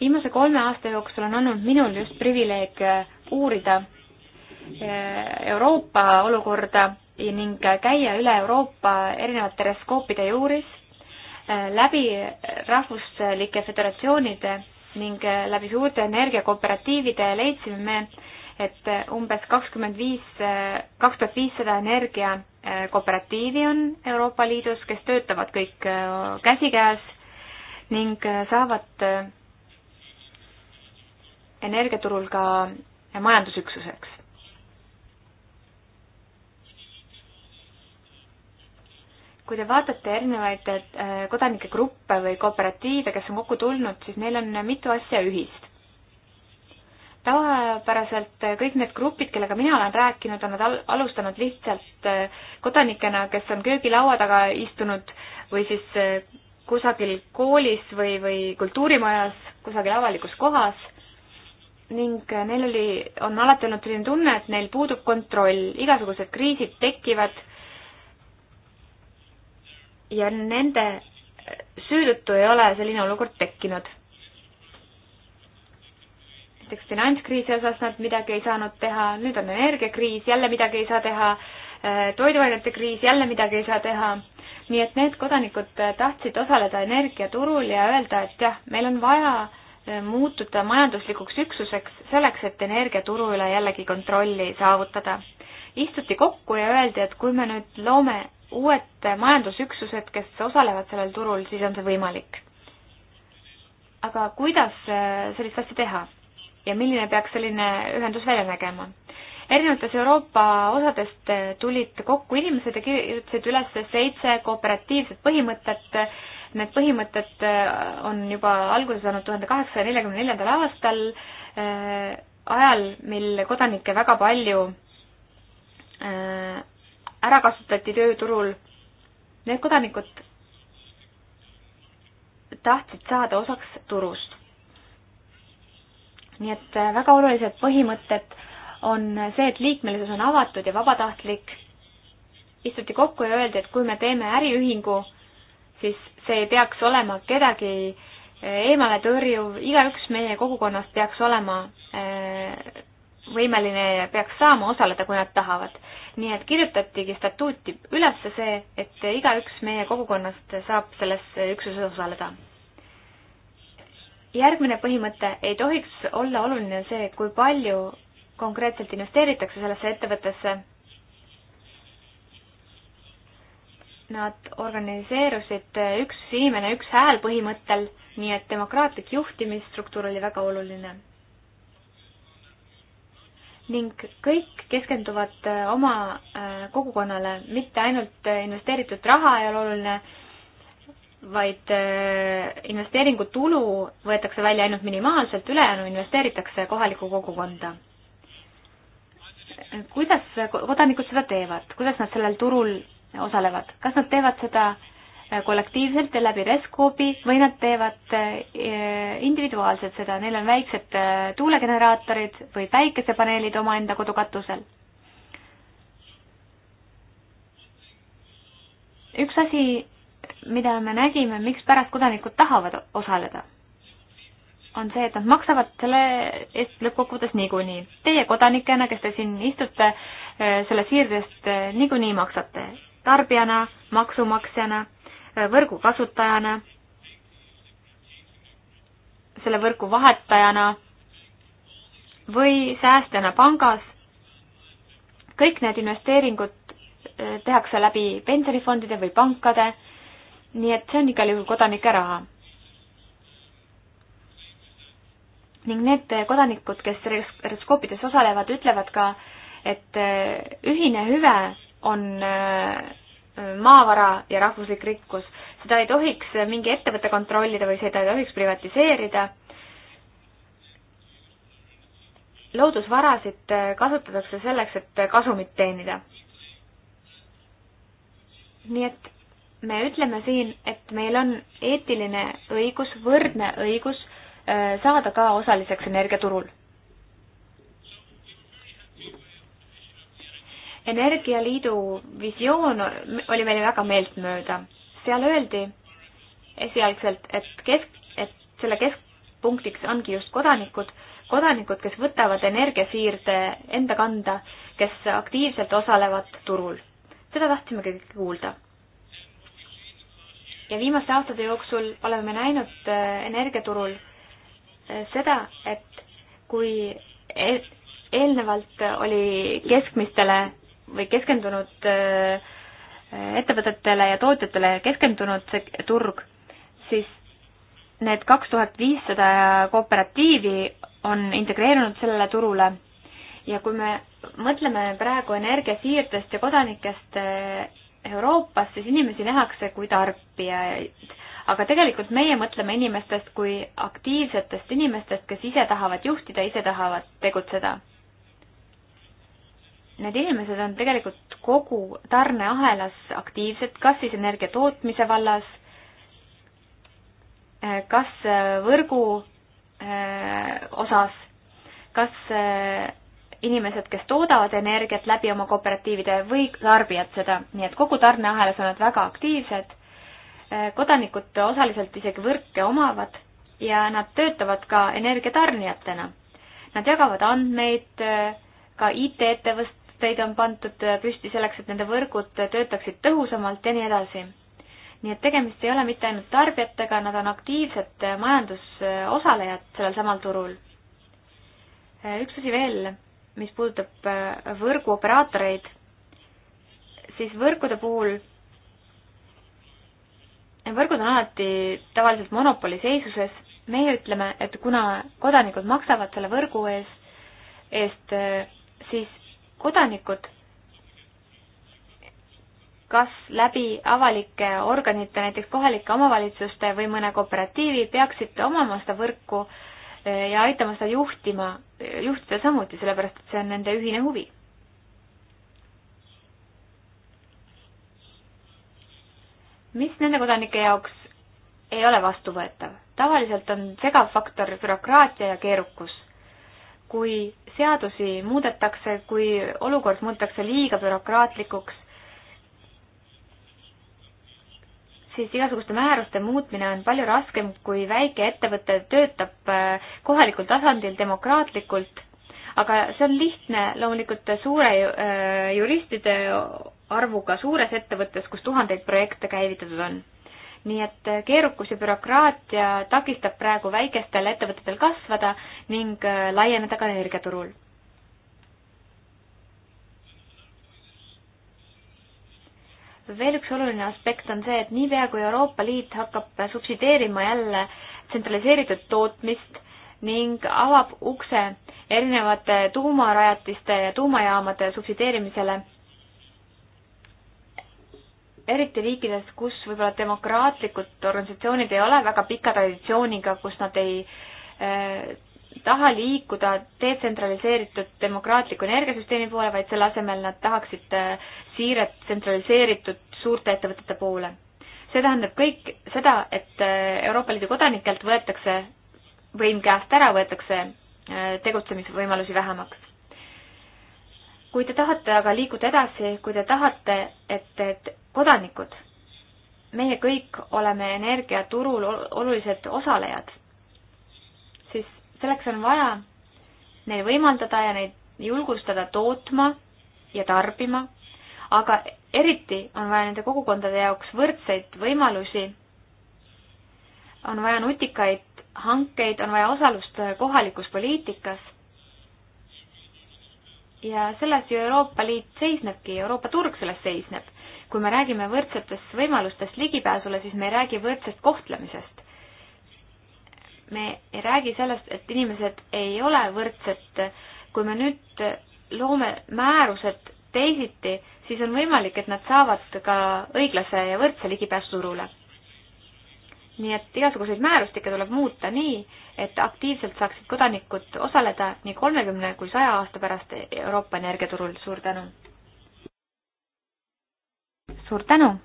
viimase kolme aasta jooksul on olnud minul just privileeg äh, uurida äh, Euroopa olukorda ning käia üle Euroopa erinevate teleskoopide juuris läbi rahvuslike föderatsioonide ning läbi suurte energiakooperatiivide leidsime me et umbes kakskümmend viis, kaks tuhat viissada energiakooperatiivi on Euroopa Liidus, kes töötavad kõik äh, käsikäes ning äh, saavad äh, energiaturul ka majandusüksuseks. kui te vaatate erinevaid kodanike gruppe või kooperatiive, kes on kokku tulnud, siis neil on mitu asja ühist tavapäraselt kõik need grupid, kellega mina olen rääkinud, on nad al alustanud lihtsalt äh, kodanikena, kes on köögilaua taga istunud või siis äh, kusagil koolis või, või kultuurimajas, kusagil avalikus kohas ning äh, neil oli, on alati olnud selline tunne, et neil puudub kontroll, igasugused kriisid tekivad ja nende süü tõttu ei ole selline olukord tekkinud näiteks finantskriisi osas nad midagi ei saanud teha, nüüd on energiakriis, jälle midagi ei saa teha, äh, toiduainete kriis, jälle midagi ei saa teha. nii et need kodanikud äh, tahtsid osaleda energiaturul ja öelda, et jah, meil on vaja äh, muutuda majanduslikuks üksuseks selleks, et energiaturu üle jällegi kontrolli saavutada. istuti kokku ja öeldi, et kui me nüüd loome uued majandusüksused, kes osalevad sellel turul, siis on see võimalik. aga kuidas sellist asja teha? ja milline peaks selline ühendus välja nägema. erinevates Euroopa osadest tulid kokku inimesed ja kirjutasid üles seitse kooperatiivset põhimõtet. Need põhimõtted äh, on juba alguse saanud tuhande kaheksasaja neljakümne neljandal aastal, äh, ajal, mil kodanikke väga palju äh, ära kasutati tööturul. Need kodanikud tahtsid saada osaks turust nii et äh, väga olulised põhimõtted on see, et liikmelisus on avatud ja vabatahtlik. istuti kokku ja öeldi, et kui me teeme äriühingu, siis see ei peaks olema kedagi äh, eemale tõrjuv, igaüks meie kogukonnast peaks olema äh, võimeline ja peaks saama osaleda, kui nad tahavad. nii et kirjutatigi statuuti üles see, et igaüks meie kogukonnast saab selles üksuses osaleda järgmine põhimõte ei tohiks olla oluline see, kui palju konkreetselt investeeritakse sellesse ettevõttesse. Nad organiseerusid üks inimene, üks hääl põhimõttel, nii et demokraatlik juhtimisstruktuur oli väga oluline. ning kõik keskenduvad oma äh, kogukonnale, mitte ainult investeeritud raha ei ole oluline, vaid äh, investeeringu tulu võetakse välja ainult minimaalselt, ülejäänu investeeritakse kohalikku kogukonda. kuidas kodanikud seda teevad, kuidas nad sellel turul osalevad, kas nad teevad seda äh, kollektiivselt ja läbi Rescopi või nad teevad äh, individuaalselt seda, neil on väiksed tuulegeneraatorid või päikesepaneelid omaenda kodukatusel. üks asi, mida me nägime, mikspärast kodanikud tahavad osaleda, on see, et nad maksavad selle eest lõppkokkuvõttes niikuinii. Teie kodanikena, kes te siin istute, eh, selle siirdest eh, niikuinii maksate. tarbijana, maksumaksjana, eh, võrgu kasutajana, selle võrgu vahetajana või säästjana pangas, kõik need investeeringud tehakse läbi pensionifondide või pankade nii et see on igal juhul kodanike raha. ning need kodanikud, kes skoopides osalevad, ütlevad ka, et äh, ühine hüve on äh, maavara ja rahvuslik rikkus. seda ei tohiks mingi ettevõte kontrollida või seda ei tohiks privatiseerida. loodusvarasid äh, kasutatakse selleks, et kasumit teenida. nii et me ütleme siin, et meil on eetiline õigus, võrdne õigus äh, saada ka osaliseks energiaturul. energialiidu visioon oli meile väga meeltmööda. seal öeldi esialgselt, et kesk, et selle keskpunktiks ongi just kodanikud, kodanikud, kes võtavad energiasiirde enda kanda, kes aktiivselt osalevad turul. seda tahtsimegi kuulda ja viimaste aastate jooksul oleme näinud äh, energiaturul äh, seda, et kui e-, eelnevalt oli keskmistele või keskendunud äh, ettevõtetele ja tootjatele keskendunud see turg, siis need kaks tuhat viissada kooperatiivi on integreerunud sellele turule ja kui me mõtleme praegu energiasiirdest ja kodanikest Euroopas, siis inimesi nähakse kui tarbijaid. aga tegelikult meie mõtleme inimestest kui aktiivsetest inimestest, kes ise tahavad juhtida, ise tahavad tegutseda. Need inimesed on tegelikult kogu tarneahelas aktiivsed, kas siis energia tootmise vallas, eh, kas eh, võrgu öö, eh, osas, kas inimesed, kes toodavad energiat läbi oma kooperatiivide või tarbijad seda, nii et kogu tarneahelas on nad väga aktiivsed. Eh, kodanikud osaliselt isegi võrke omavad ja nad töötavad ka energiatarnijatena. Nad jagavad andmeid, eh, ka IT-ettevõtteid on pandud eh, püsti selleks, et nende võrgud töötaksid tõhusamalt ja nii edasi. nii et tegemist ei ole mitte ainult tarbijatega, nad on aktiivsed majandusosalejad sellel samal turul üks asi veel, mis puudutab äh, võrguoperaatoreid, siis võrkude puhul, võrgud on alati tavaliselt monopoli seisuses, meie ütleme, et kuna kodanikud maksavad selle võrgu ees, eest, äh, siis kodanikud kas läbi avalike organite, näiteks kohalike omavalitsuste või mõne kooperatiivi, peaksid omama seda võrku äh, ja aitama seda juhtima, juhtida samuti, sellepärast et see on nende ühine huvi. mis nende kodanike jaoks ei ole vastuvõetav? tavaliselt on segav faktor bürokraatia ja keerukus. kui seadusi muudetakse, kui olukord muudetakse liiga bürokraatlikuks, siis igasuguste määruste muutmine on palju raskem, kui väikeettevõte töötab äh, kohalikul tasandil demokraatlikult. aga see on lihtne loomulikult suure äh, juristide arvuga suures ettevõttes, kus tuhandeid projekte käivitatud on. nii et äh, keerukus ja bürokraatia takistab praegu väikestel ettevõtetel kasvada ning laieneda ka energiaturul veel üks oluline aspekt on see, et niipea kui Euroopa Liit hakkab subsideerima jälle tsentraliseeritud tootmist ning avab ukse erinevate tuumarajatiste ja tuumajaamade subsideerimisele, eriti riikides, kus võib-olla demokraatlikud organisatsioonid ei ole väga pika traditsiooniga, kus nad ei eh, taha liikuda detsentraliseeritud demokraatliku energiasüsteemi poole, vaid selle asemel nad tahaksid äh, siiret tsentraliseeritud suurte ettevõtete poole. see tähendab kõik seda, et äh, Euroopa Liidu kodanikelt võetakse võim käest ära, võetakse äh, tegutsemisvõimalusi vähemaks. kui te tahate aga liikuda edasi, kui te tahate, et, et kodanikud, meie kõik oleme energiaturul olulised osalejad selleks on vaja neil võimaldada ja neid julgustada tootma ja tarbima, aga eriti on vaja nende kogukondade jaoks võrdseid võimalusi, on vaja nutikaid hankeid, on vaja osalust kohalikus poliitikas ja selles ju Euroopa Liit seisnebki, Euroopa turg selles seisneb. kui me räägime võrdsetest võimalustest ligipääsule, siis me ei räägi võrdsest kohtlemisest me ei räägi sellest, et inimesed ei ole võrdsed. kui me nüüd loome määrused teisiti, siis on võimalik, et nad saavad ka õiglase ja võrdse ligipääsu turule. nii et igasuguseid määrustikke tuleb muuta nii, et aktiivselt saaksid kodanikud osaleda nii kolmekümne kui saja aasta pärast Euroopa energiaturul. suur tänu! suur tänu,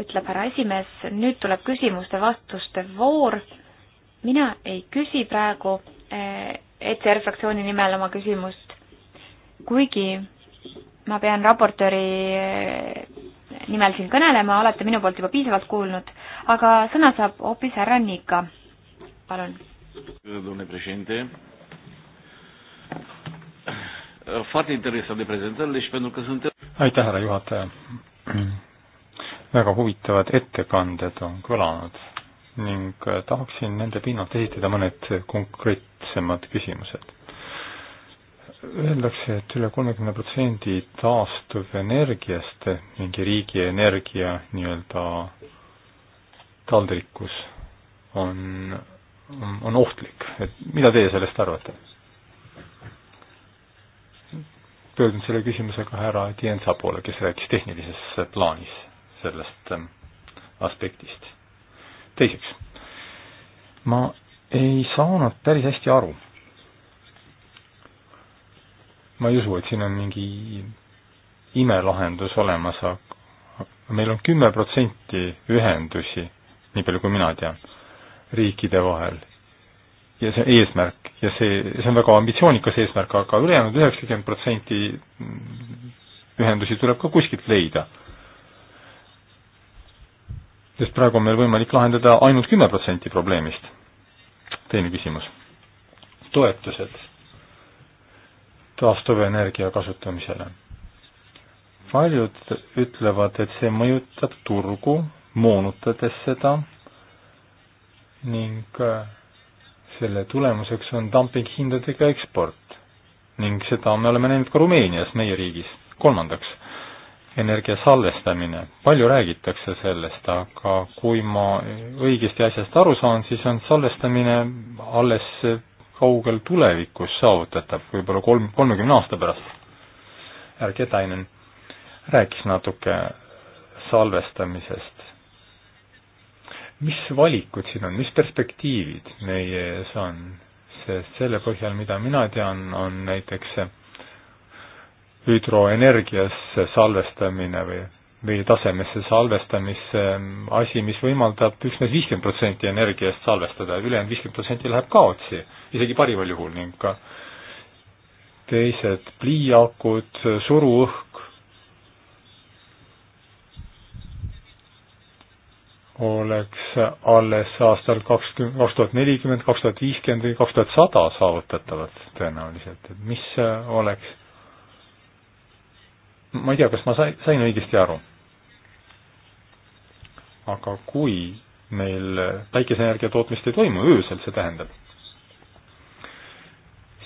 ütleb härra esimees, nüüd tuleb küsimuste-vastuste voor mina ei küsi praegu eh, ECR fraktsiooni nimel oma küsimust, kuigi ma pean raportööri eh, nimel siin kõnelema, olete minu poolt juba piisavalt kuulnud, aga sõna saab hoopis härra Nika, palun. aitäh, härra juhataja. [CLEARS THROAT] väga huvitavad ettekanded on kõlanud ning äh, tahaksin nende pinnalt esitada mõned konkreetsemad küsimused. Öeldakse, et üle kolmekümne protsendi taastuvenergiast mingi riigi energia nii-öelda taldrikkus on, on, on ohtlik, et mida teie sellest arvate? pöördun selle küsimusega härra Diensa poole, kes rääkis tehnilises plaanis sellest ähm, aspektist teiseks, ma ei saanud päris hästi aru. ma ei usu, et siin on mingi imelahendus olemas, aga meil on kümme protsenti ühendusi, nii palju kui mina tean, riikide vahel. ja see eesmärk ja see, see on väga ambitsioonikas eesmärk, aga ülejäänud üheksakümmend protsenti ühendusi tuleb ka kuskilt leida sest praegu on meil võimalik lahendada ainult kümme protsenti probleemist. teine küsimus. toetused taastuvenergia kasutamisele. paljud ütlevad, et see mõjutab turgu, moonutades seda ning äh, selle tulemuseks on dumpinghindadega eksport ning seda me oleme näinud ka Rumeenias, meie riigis. kolmandaks energia salvestamine. palju räägitakse sellest, aga kui ma õigesti asjast aru saan, siis on salvestamine alles kaugel tulevikus saavutatav, võib-olla kolm, kolmekümne aasta pärast. härra Ketainen rääkis natuke salvestamisest. mis valikud siin on, mis perspektiivid meie ees on? sest selle põhjal, mida mina tean, on näiteks hüdroenergiasse salvestamine või, või tasemesse salvestamisse ähm, asi, mis võimaldab üksnes viiskümmend protsenti energiast salvestada, ülejäänud viiskümmend protsenti läheb kaotsi, isegi parimal juhul ning ka teised pliiakud, suruõhk oleks alles aastal kakskümmend, kaks tuhat nelikümmend, kaks tuhat viiskümmend või kaks tuhat sada saavutatavad tõenäoliselt, et mis oleks ma ei tea, kas ma sai, sain õigesti aru. aga kui meil päikeseenergia tootmist ei toimu, öösel see tähendab,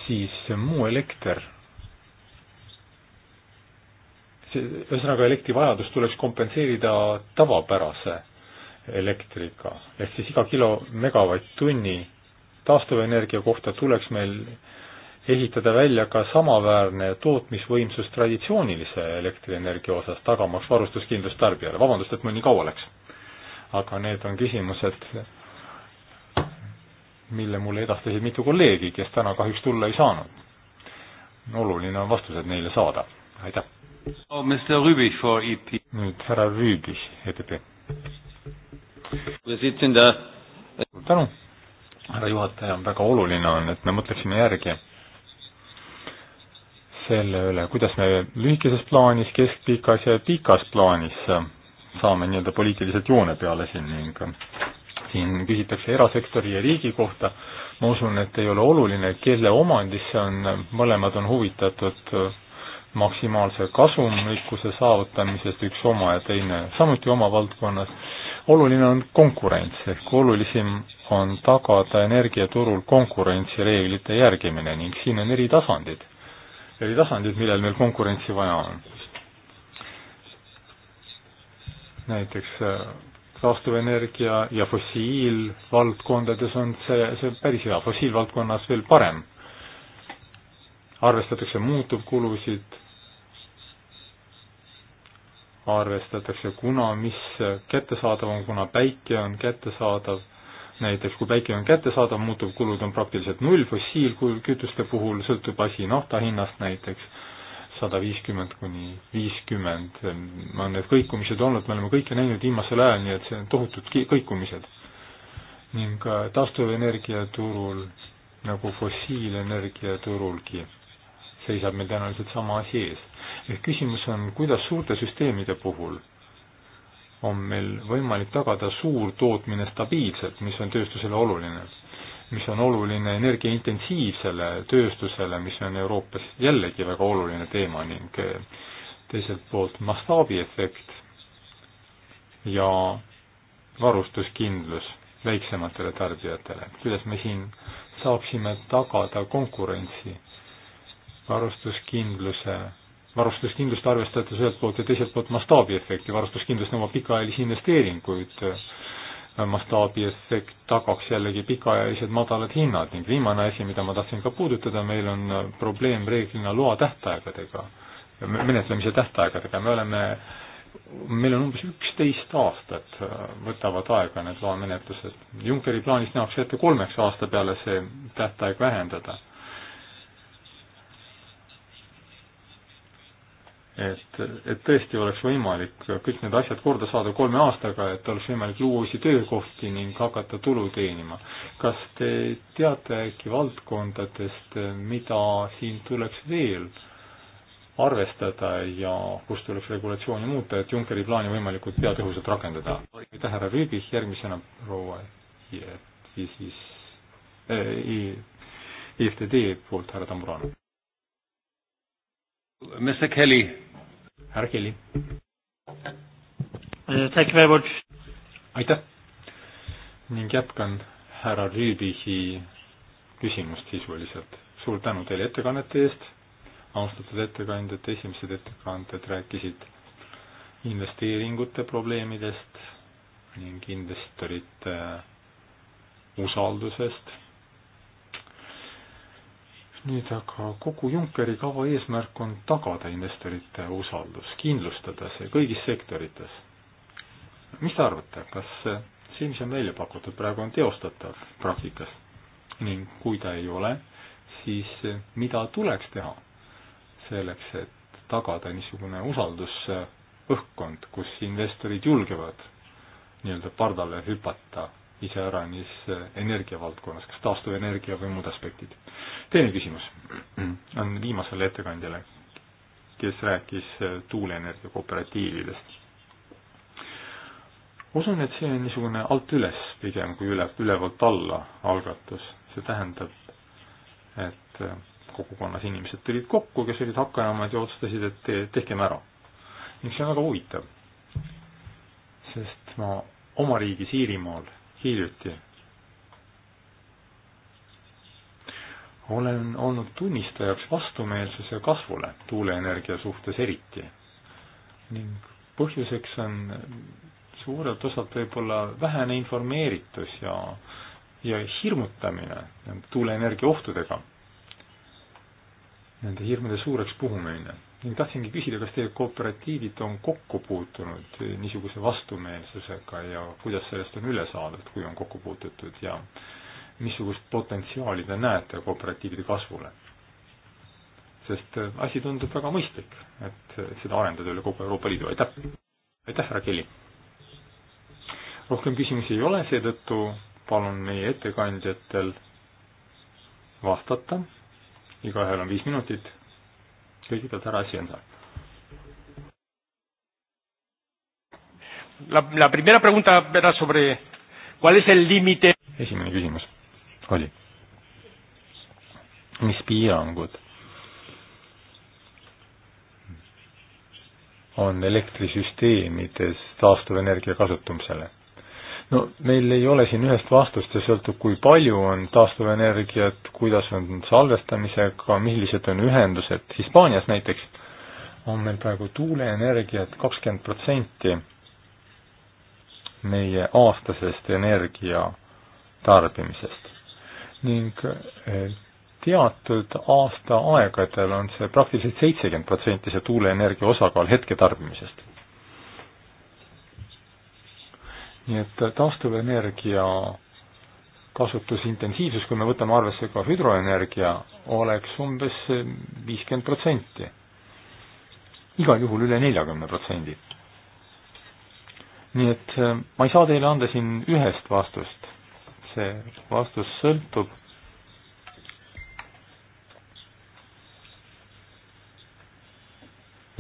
siis muu elekter, ühesõnaga elektrivajadus tuleks kompenseerida tavapärase elektriga, ehk siis iga kilo megavatt-tunni taastuvenergia kohta tuleks meil ehitada välja ka samaväärne tootmisvõimsus traditsioonilise elektrienergia osas, tagamaks varustuskindlust tarbijale, vabandust, et mul nii kaua läks. aga need on küsimused, mille mulle edastasid mitu kolleegi, kes täna kahjuks tulla ei saanud. oluline on vastused neile saada, aitäh. Oh, e nüüd härra Rüübi, EPP. tänu, härra juhataja, väga oluline on, et me mõtleksime järgi selle üle, kuidas me lühikeses plaanis, keskpikas ja pikas plaanis saame nii-öelda poliitiliselt joone peale siin ning siin küsitakse erasektori ja riigi kohta, ma usun, et ei ole oluline, kelle omandis see on, mõlemad on huvitatud maksimaalse kasumlikkuse saavutamisest, üks oma ja teine samuti oma valdkonnas, oluline on konkurents, ehk olulisim on tagada energiaturul konkurentsireeglite järgimine ning siin on eri tasandid eri tasandid, millel meil konkurentsi vaja on. näiteks äh, taastuvenergia ja fossiilvaldkondades on see, see päris hea, fossiilvaldkonnas veel parem. arvestatakse muutuvkulusid, arvestatakse, kuna mis kättesaadav on, kuna päike on kättesaadav näiteks kui päike on kättesaadav, muutuvkulud on praktiliselt null, fossiilkütuste puhul sõltub asi nafta hinnast näiteks, sada viiskümmend kuni viiskümmend eh, on need kõikumised olnud, me oleme kõike näinud viimasel ajal, nii et see on tohutud kõikumised. ning taastuvenergia turul nagu fossiilenergia turulgi seisab meil tõenäoliselt sama asi ees. ehk küsimus on, kuidas suurte süsteemide puhul on meil võimalik tagada suur tootmine stabiilselt, mis on tööstusele oluline. mis on oluline energiaintensiivsele tööstusele, mis on Euroopas jällegi väga oluline teema ning eh, teiselt poolt mastaabiefekt ja varustuskindlus väiksematele tarbijatele, kuidas me siin saaksime tagada konkurentsi, varustuskindluse varustuskindlust arvestades ühelt poolt ja teiselt poolt mastaabiefekti, varustuskindlus nõuab pikaajalisi investeeringuid, mastaabiefekt tagaks jällegi pikaajalised madalad hinnad ning viimane asi, mida ma tahtsin ka puudutada, meil on probleem reeglina loa tähtaegadega, menetlemise tähtaegadega, me oleme meil on umbes üksteist aastat äh, võtavad aega need loamenetlused. Junckeri plaanis nähakse ette kolmeks aasta peale see tähtaeg vähendada et, et tõesti oleks võimalik kõik need asjad korda saada kolme aastaga, et oleks võimalik luua uusi töökohti ning hakata tulu teenima. kas te teate äkki valdkondadest, mida siin tuleks veel arvestada ja kus tuleks regulatsiooni muuta, et Junckeri plaani võimalikult peatõhusalt rakendada? aitäh, härra Rüübis, järgmisena proua ja siis EFTD eh, poolt härra Tamburano. Mr Kelly, härra Kelly. Eh, aitäh ning jätkan härra Rüübisi küsimust sisuliselt. suur tänu teile ettekannete eest, austatud ettekandjad, esimesed ettekanded rääkisid investeeringute probleemidest ning investorite usaldusest nüüd aga kogu Junckeri kava eesmärk on tagada investorite usaldus, kindlustada see kõigis sektorites. mis te arvate, kas see, mis on välja pakutud praegu, on teostatav praktikas ning kui ta ei ole, siis mida tuleks teha selleks, et tagada niisugune usaldusõhkkond, kus investorid julgevad nii-öelda pardale hüpata iseäranis eh, energiavaldkonnas, kas taastuvenergia või muud aspektid. teine küsimus [CLEARS THROAT] on viimasele ettekandjale, kes rääkis eh, tuuleenergia kooperatiividest. usun, et see on niisugune alt üles pigem kui üle, ülevalt alla algatus, see tähendab, et eh, kogukonnas inimesed tulid kokku, kes olid hakkajamad ja otsustasid, et te, tehkem ära. ning see on väga huvitav, sest ma oma riigis, Iirimaal hiljuti. olen olnud tunnistajaks vastumeelsuse kasvule tuuleenergia suhtes eriti ning põhjuseks on suurelt osalt võib-olla vähene informeeritus ja, ja hirmutamine tuuleenergia ohtudega. Nende hirmude suureks puhumine ning tahtsingi küsida, kas teie kooperatiivid on kokku puutunud niisuguse vastumeelsusega ja kuidas sellest on üle saadud, kui on kokku puututud ja missugust potentsiaali te näete kooperatiivide kasvule? sest äh, asi tundub väga mõistlik, et seda arendada üle kogu Euroopa Liidu, aitäh! aitäh, härra Kelly! rohkem küsimusi ei ole, seetõttu palun meie ettekandjatel vastata, igaühel on viis minutit kõigepealt härra Asienda. La, la primera pregunta era sobre cuál es el límite. esimene küsimus oli, mis piirangud on elektrisüsteemides taastuvenergia kasutamisele no meil ei ole siin ühest vastust, see sõltub, kui palju on taastuvenergiat, kuidas on salvestamisega, millised on ühendused, Hispaanias näiteks on meil praegu tuuleenergiat kakskümmend protsenti meie aastasest energia tarbimisest ning eh, teatud aastaaegadel on see praktiliselt seitsekümmend protsenti, see tuuleenergia osakaal hetketarbimisest nii et taastuvenergia kasutusintensiivsus, kui me võtame arvesse ka hüdroenergia, oleks umbes viiskümmend protsenti. igal juhul üle neljakümne protsendi. nii et äh, ma ei saa teile anda siin ühest vastust, see vastus sõltub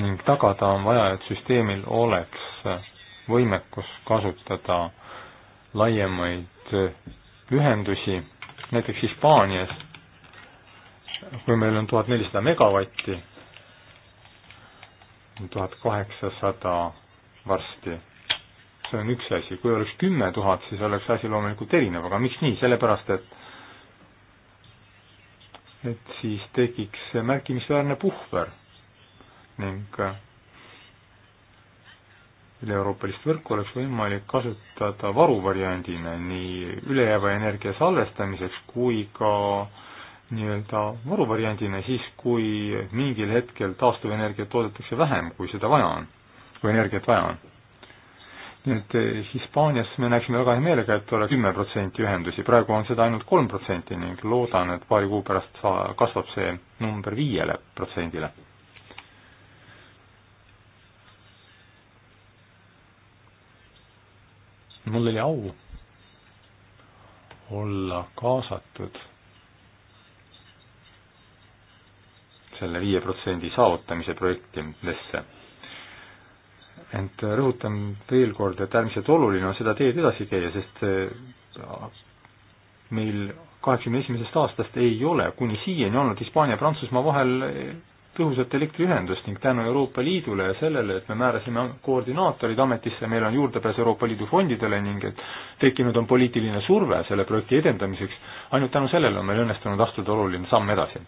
ning tagada on vaja, et süsteemil oleks võimekus kasutada laiemaid ühendusi, näiteks Hispaanias, kui meil on tuhat nelisada megavatti, tuhat kaheksasada varsti, see on üks asi, kui oleks kümme tuhat, siis oleks asi loomulikult erinev, aga miks nii, sellepärast et et siis tekiks märkimisväärne puhver ning üle-euroopalist võrku oleks võimalik kasutada varuvariandina nii ülejääva energia salvestamiseks kui ka nii-öelda varuvariandina siis, kui mingil hetkel taastuvenergiat toodetakse vähem, kui seda vaja on, kui energiat vaja on. nii et eh, Hispaanias me näeksime väga hea meelega, et oleks kümme protsenti ühendusi, praegu on seda ainult kolm protsenti ning loodan, et paari kuu pärast kasvab see number viiele protsendile mul oli au olla kaasatud selle viie protsendi saavutamise projektidesse. ent rõhutan veel kord, et äärmiselt oluline on seda teed edasi käia, sest äh, meil kaheksakümne esimesest aastast ei ole kuni siiani olnud Hispaania ja Prantsusmaa vahel tõhusat elektriühendust ning tänu Euroopa Liidule ja sellele, et me määrasime koordinaatorid ametisse, meil on juurdepääs Euroopa Liidu fondidele ning et tekkinud on poliitiline surve selle projekti edendamiseks, ainult tänu sellele on meil õnnestunud astuda oluline samm edasi.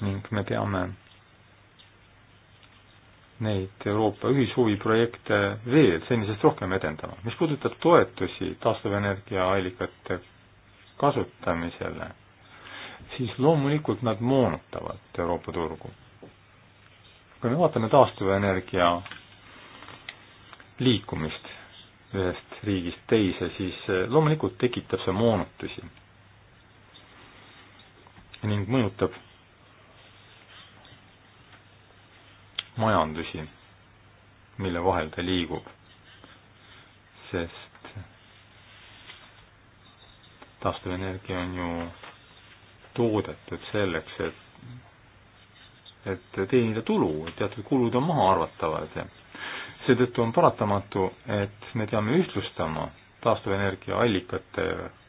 ning me peame neid Euroopa ühishuviprojekte veel senisest rohkem edendama. mis puudutab toetusi taastuvenergiaallikate kasutamisele siis loomulikult nad moonutavad Euroopa turgu. kui me vaatame taastuvenergia liikumist ühest riigist teise, siis eh, loomulikult tekitab see moonutusi ning mõjutab majandusi, mille vahel ta liigub, sest taastuvenergia on ju toodetud selleks, et, et teenida tulu, teatud kulud on maha arvatavad ja seetõttu on paratamatu, et me peame ühtlustama taastuvenergia allikate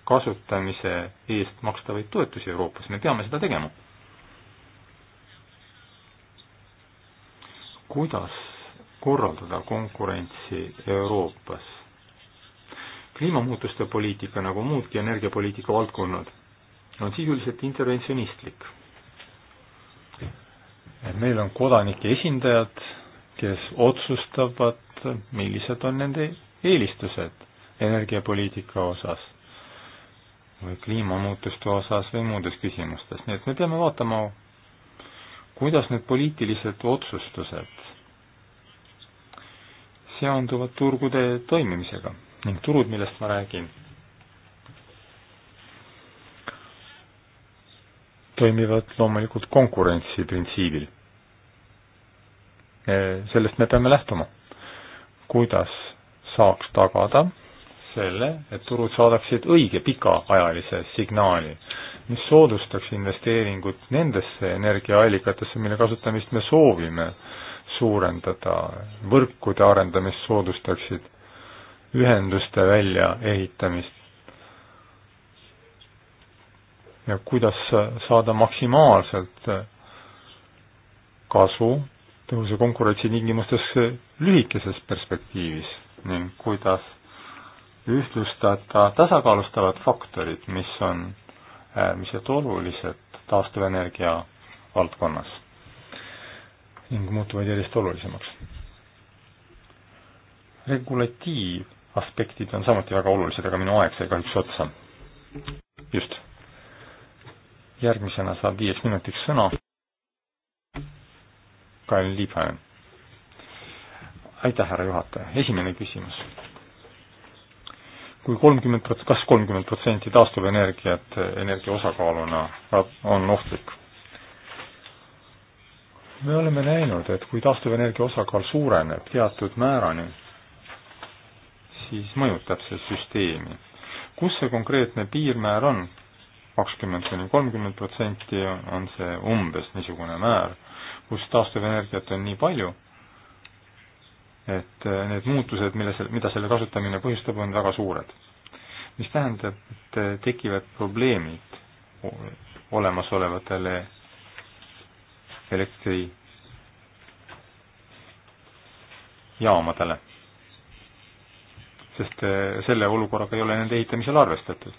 kasutamise eest makstavaid toetusi Euroopas, me peame seda tegema. kuidas korraldada konkurentsi Euroopas? kliimamuutuste poliitika nagu muudki energiapoliitika valdkonnad on sisuliselt interventsionistlik. meil on kodanike esindajad, kes otsustavad, millised on nende eelistused energiapoliitika osas või kliimamuutuste osas või muudes küsimustes, nii et me peame vaatama, kuidas need poliitilised otsustused seonduvad turgude toimimisega ning turud, millest ma räägin, toimivad loomulikult konkurentsi printsiibil. sellest me peame lähtuma. kuidas saaks tagada selle, et turud saadaksid õige pikaajalise signaali, mis soodustaks investeeringut nendesse energiaallikatesse, mille kasutamist me soovime suurendada, võrkude arendamist soodustaksid, ühenduste väljaehitamist ja kuidas saada maksimaalselt äh, kasu tõhuse konkurentsi tingimustes äh, lühikeses perspektiivis ning kuidas ühtlustada tasakaalustavad faktorid, mis on äärmiselt olulised taastuvenergia valdkonnas ning muutuvad järjest olulisemaks. regulatiivaspektid on samuti väga olulised, aga minu aeg sai kahjuks otsa. just järgmisena saab viieks minutiks sõna Kael Liibanen. aitäh, härra juhataja, esimene küsimus kui. kui kolmkümmend prots-, kas kolmkümmend protsenti taastuvenergiat energia osakaaluna on ohtlik? me oleme näinud, et kui taastuvenergia osakaal suureneb teatud määrani, siis mõjutab see süsteemi. kus see konkreetne piirmäär on, kakskümmend kuni kolmkümmend protsenti on see umbes niisugune määr, kus taastuvenergiat on nii palju, et eh, need muutused, mille, mida selle kasutamine põhjustab, on väga suured. mis tähendab, et eh, tekivad probleemid olemasolevatele elektrijaamadele. sest eh, selle olukorraga ei ole nende ehitamisel arvestatud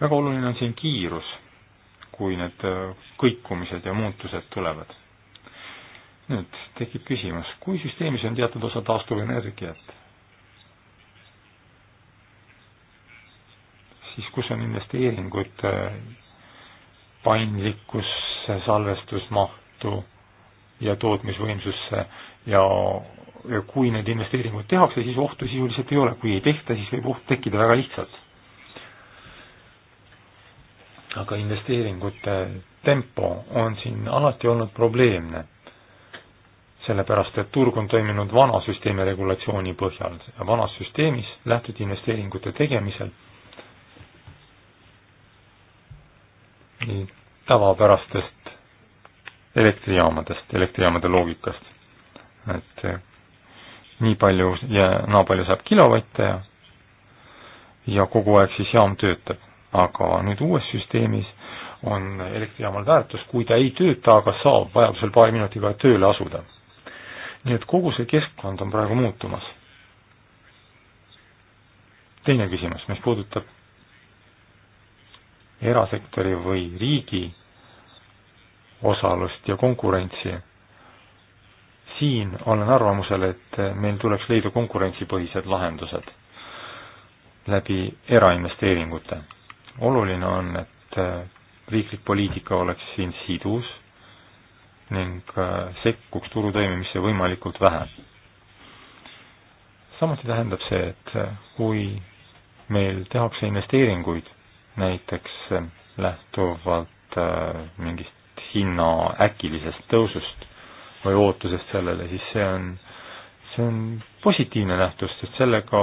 väga oluline on siin kiirus, kui need äh, kõikumised ja muutused tulevad. nüüd tekib küsimus, kui süsteemis on teatud osa taastuvenergiat, siis kus on investeeringud äh, paindlikkusse, salvestusmahtu ja tootmisvõimsusse ja, ja kui need investeeringud tehakse, siis ohtu sisuliselt ei ole, kui ei tehta, siis võib oht tekkida väga lihtsalt aga investeeringute tempo on siin alati olnud probleemne, sellepärast et turg on toiminud vana süsteemi regulatsiooni põhjal ja vanas süsteemis lähtuti investeeringute tegemisel nii tavapärastest elektrijaamadest, elektrijaamade loogikast. et eh, nii palju ja naa palju saab kilovatte ja ja kogu aeg siis jaam töötab aga nüüd uues süsteemis on elektrijaamal väärtus, kui ta ei tööta, aga saab vajadusel paari minutiga tööle asuda. nii et kogu see keskkond on praegu muutumas. teine küsimus, mis puudutab erasektori või riigi osalust ja konkurentsi, siin olen arvamusel, et meil tuleks leida konkurentsipõhised lahendused läbi erainvesteeringute oluline on, et äh, riiklik poliitika oleks siin sidus ning äh, sekkuks turu toimimisse võimalikult vähe. samuti tähendab see, et äh, kui meil tehakse investeeringuid, näiteks lähtuvalt mingist hinna äkilisest tõusust või ootusest sellele, siis see on, see on positiivne nähtus, sest sellega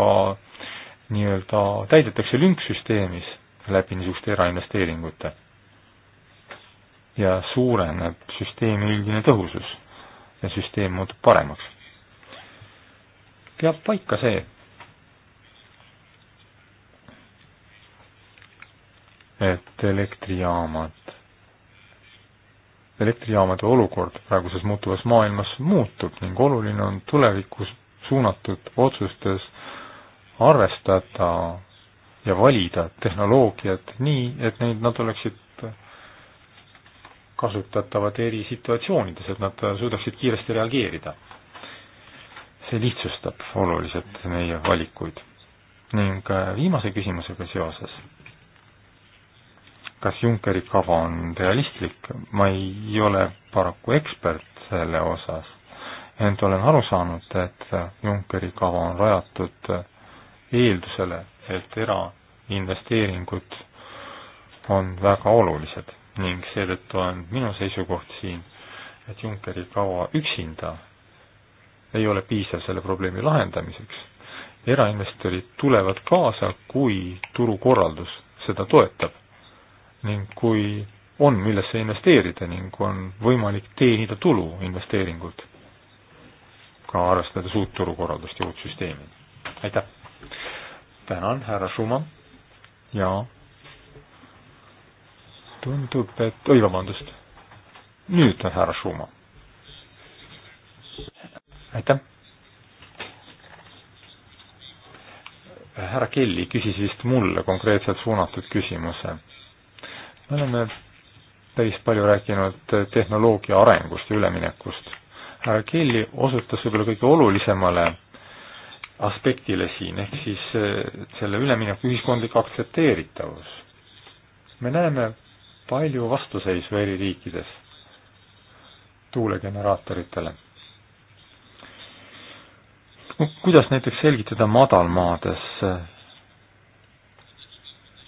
nii-öelda täidetakse lünk süsteemis läbi niisuguste erainvesteeringute. ja suureneb süsteemi üldine tõhusus ja süsteem muutub paremaks. peab paika see, et elektrijaamad, elektrijaamade olukord praeguses muutuvas maailmas muutub ning oluline on tulevikus suunatud otsustes arvestada ja valida tehnoloogiat nii, et neid, nad oleksid kasutatavad eri situatsioonides, et nad suudaksid kiiresti reageerida. see lihtsustab oluliselt meie valikuid. ning äh, viimase küsimusega seoses, kas Junckeri kava on realistlik, ma ei ole paraku ekspert selle osas, ent olen aru saanud, et Junckeri kava on rajatud äh, eeldusele, et erainvesteeringud on väga olulised ning seetõttu on minu seisukoht siin, et Junckeri kava üksinda ei ole piisav selle probleemi lahendamiseks. erainvestorid tulevad kaasa, kui turukorraldus seda toetab ning kui on, millesse investeerida ning on võimalik teenida tulu investeeringult, ka arvestades uut turukorraldust ja uut süsteemi. aitäh! tänan, härra Schumann. jaa. tundub, et, oi vabandust. nüüd on härra Schumann. aitäh. härra Kelly küsis vist mulle konkreetselt suunatud küsimuse. me oleme päris palju rääkinud tehnoloogia arengust ja üleminekust. härra Kelly osutas võib-olla kõige olulisemale aspektile siin, ehk siis eh, selle ülemineku ühiskondlik aktsepteeritavus. me näeme palju vastuseisu eri riikides tuulegeneraatoritele. kuidas näiteks selgitada madalmaades eh,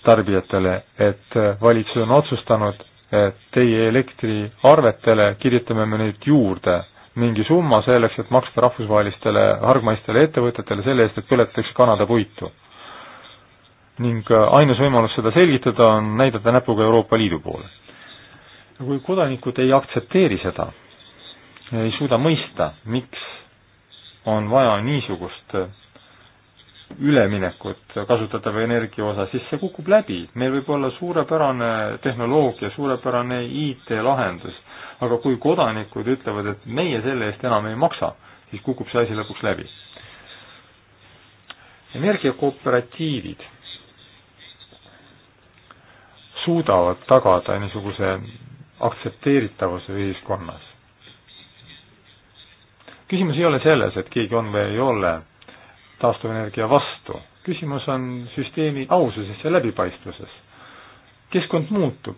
tarbijatele, et eh, valitsus on otsustanud, et teie elektriarvetele kirjutame me nüüd juurde mingi summa selleks, et maksta rahvusvahelistele hargmaistele ettevõtetele selle eest, et põletatakse Kanada puitu. ning äh, ainus võimalus seda selgitada on näidata näpuga Euroopa Liidu poole. kui kodanikud ei aktsepteeri seda, ei suuda mõista, miks on vaja niisugust äh, üleminekut kasutatava energia osa, siis see kukub läbi. meil võib olla suurepärane tehnoloogia, suurepärane IT-lahendus aga kui kodanikud ütlevad, et meie selle eest enam ei maksa, siis kukub see asi lõpuks läbi. energiakooperatiivid suudavad tagada niisuguse aktsepteeritavuse ühiskonnas. küsimus ei ole selles, et keegi on või ei ole taastuvenergia vastu, küsimus on süsteemi aususes ja läbipaistvuses. keskkond muutub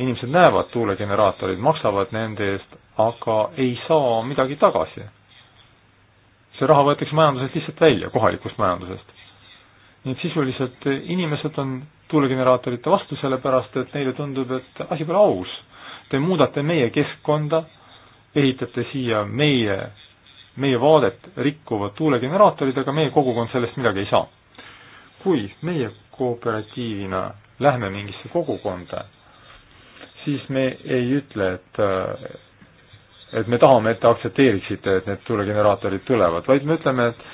inimesed näevad tuulegeneraatoreid, maksavad nende eest, aga ei saa midagi tagasi. see raha võetakse majandusest lihtsalt välja, kohalikust majandusest. nii et sisuliselt inimesed on tuulegeneraatorite vastu, sellepärast et neile tundub, et asi pole aus. Te muudate meie keskkonda, ehitate siia meie, meie vaadet rikkuvad tuulegeneraatorid, aga meie kogukond sellest midagi ei saa. kui meie kooperatiivina lähme mingisse kogukonda siis me ei ütle, et äh, et me tahame, et te aktsepteeriksite, et need tulegeneraatorid tulevad, vaid me ütleme, et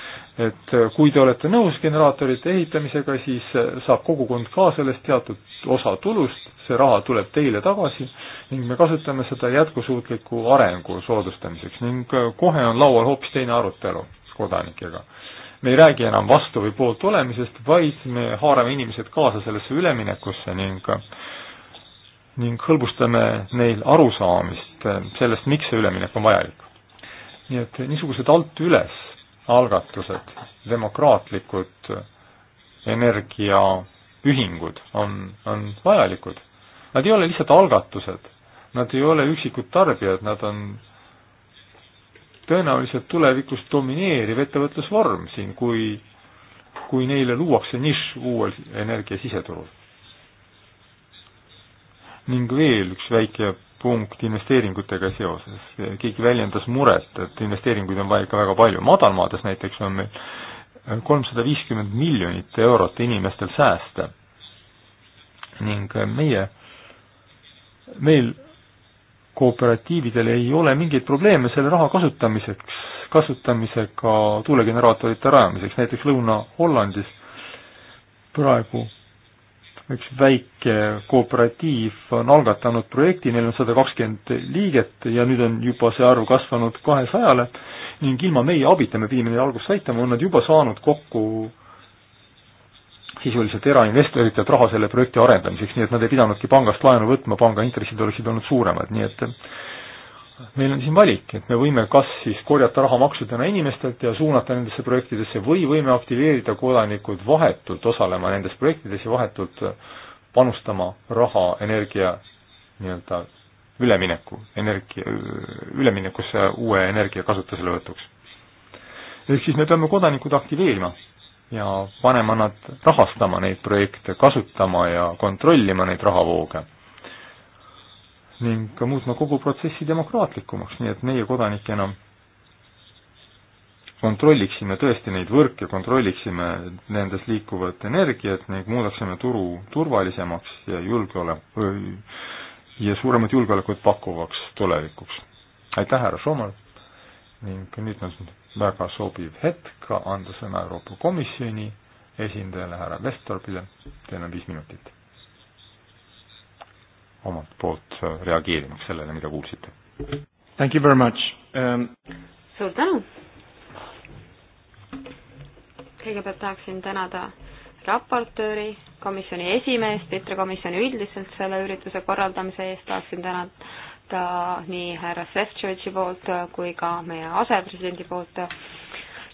et kui te olete nõus generaatorite ehitamisega, siis äh, saab kogukond ka sellest teatud osa tulust, see raha tuleb teile tagasi ning me kasutame seda jätkusuutliku arengu soodustamiseks ning äh, kohe on laual hoopis teine arutelu kodanikega. me ei räägi enam vastu või poolt olemisest, vaid me haarame inimesed kaasa sellesse üleminekusse ning äh, ning hõlbustame neil arusaamist eh, sellest, miks see üleminek on vajalik. nii et niisugused alt üles algatused, demokraatlikud eh, energiaühingud on, on vajalikud. Nad ei ole lihtsalt algatused, nad ei ole üksikud tarbijad, nad on tõenäoliselt tulevikus domineeriv ettevõtlusvorm siin, kui, kui neile luuakse nišš uuel energia siseturul ning veel üks väike punkt investeeringutega seoses. keegi väljendas muret, et investeeringuid on vaja ikka väga palju. madalmaades näiteks on meil kolmsada viiskümmend miljonit eurot inimestel sääste ning meie, meil kooperatiividel ei ole mingeid probleeme selle raha kasutamiseks, kasutamisega tuulegeneraatorite rajamiseks, näiteks Lõuna-Hollandis praegu üks väike kooperatiiv on algatanud projekti, neil on sada kakskümmend liiget ja nüüd on juba see arv kasvanud kahesajale ning ilma meie abita, me pidime neid alguses aitama, on nad juba saanud kokku sisuliselt erainvestoritelt raha selle projekti arendamiseks, nii et nad ei pidanudki pangast laenu võtma, panga intressid oleksid olnud suuremad, nii et meil on siin valik, et me võime kas siis korjata raha maksudena inimestelt ja suunata nendesse projektidesse või võime aktiveerida kodanikud vahetult osalema nendes projektides ja vahetult äh, panustama raha energia nii-öelda ülemineku, energia, äh, üleminekusse uue energia kasutuselevõtuks. ehk siis me peame kodanikud aktiveerima ja panema nad rahastama neid projekte, kasutama ja kontrollima neid rahavooge ning ka muutma kogu protsessi demokraatlikumaks, nii et meie kodanikena kontrolliksime tõesti neid võrke, kontrolliksime nendes liikuvat energiat ning muudaksime turu turvalisemaks ja julgeole-, ja suuremat julgeolekut pakkuvaks tulevikuks. aitäh, härra Soomel ning nüüd on väga sobiv hetk anda sõna Euroopa Komisjoni esindajale, härra Vestorpile, teil on viis minutit omalt poolt reageerimaks sellele, mida kuulsite. Thank you very much um.... suur tänu. kõigepealt tahaksin tänada raportööri, komisjoni esimeest, ITRE komisjoni üldiselt selle ürituse korraldamise eest, tahaksin tänada nii härra Šefčovitši poolt kui ka meie asepresidendi poolt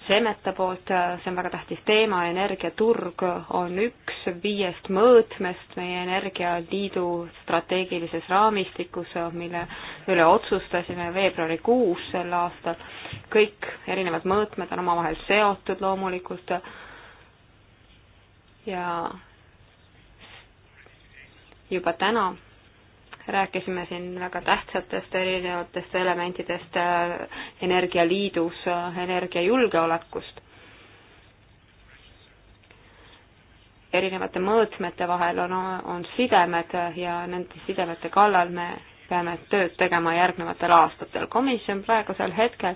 Semeta poolt, see on väga tähtis teema, energiaturg on üks viiest mõõtmest meie Energialiidu strateegilises raamistikus, mille üle otsustasime veebruarikuus sel aastal. kõik erinevad mõõtmed on omavahel seotud loomulikult ja juba täna rääkisime siin väga tähtsatest erinevatest elementidest äh, energialiidus, äh, energiajulgeolekust. erinevate mõõtmete vahel on, on sidemed ja nende sidemete kallal me peame tööd tegema järgnevatel aastatel. komisjon praegusel hetkel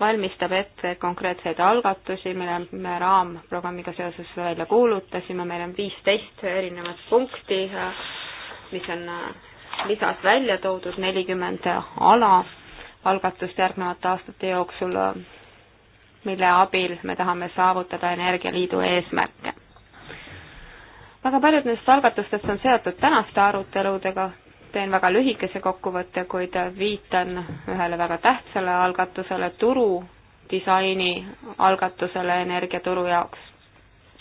valmistab ette konkreetseid algatusi, mille me raamprogrammiga seoses välja kuulutasime, meil on viisteist erinevat punkti, äh, mis on lisas välja toodud nelikümmend ala algatust järgnevate aastate jooksul, mille abil me tahame saavutada Energialiidu eesmärke. väga paljud neist algatustest on seotud tänaste aruteludega, teen väga lühikese kokkuvõtte, kuid viitan ühele väga tähtsale algatusele, turu disaini algatusele energiaturu jaoks,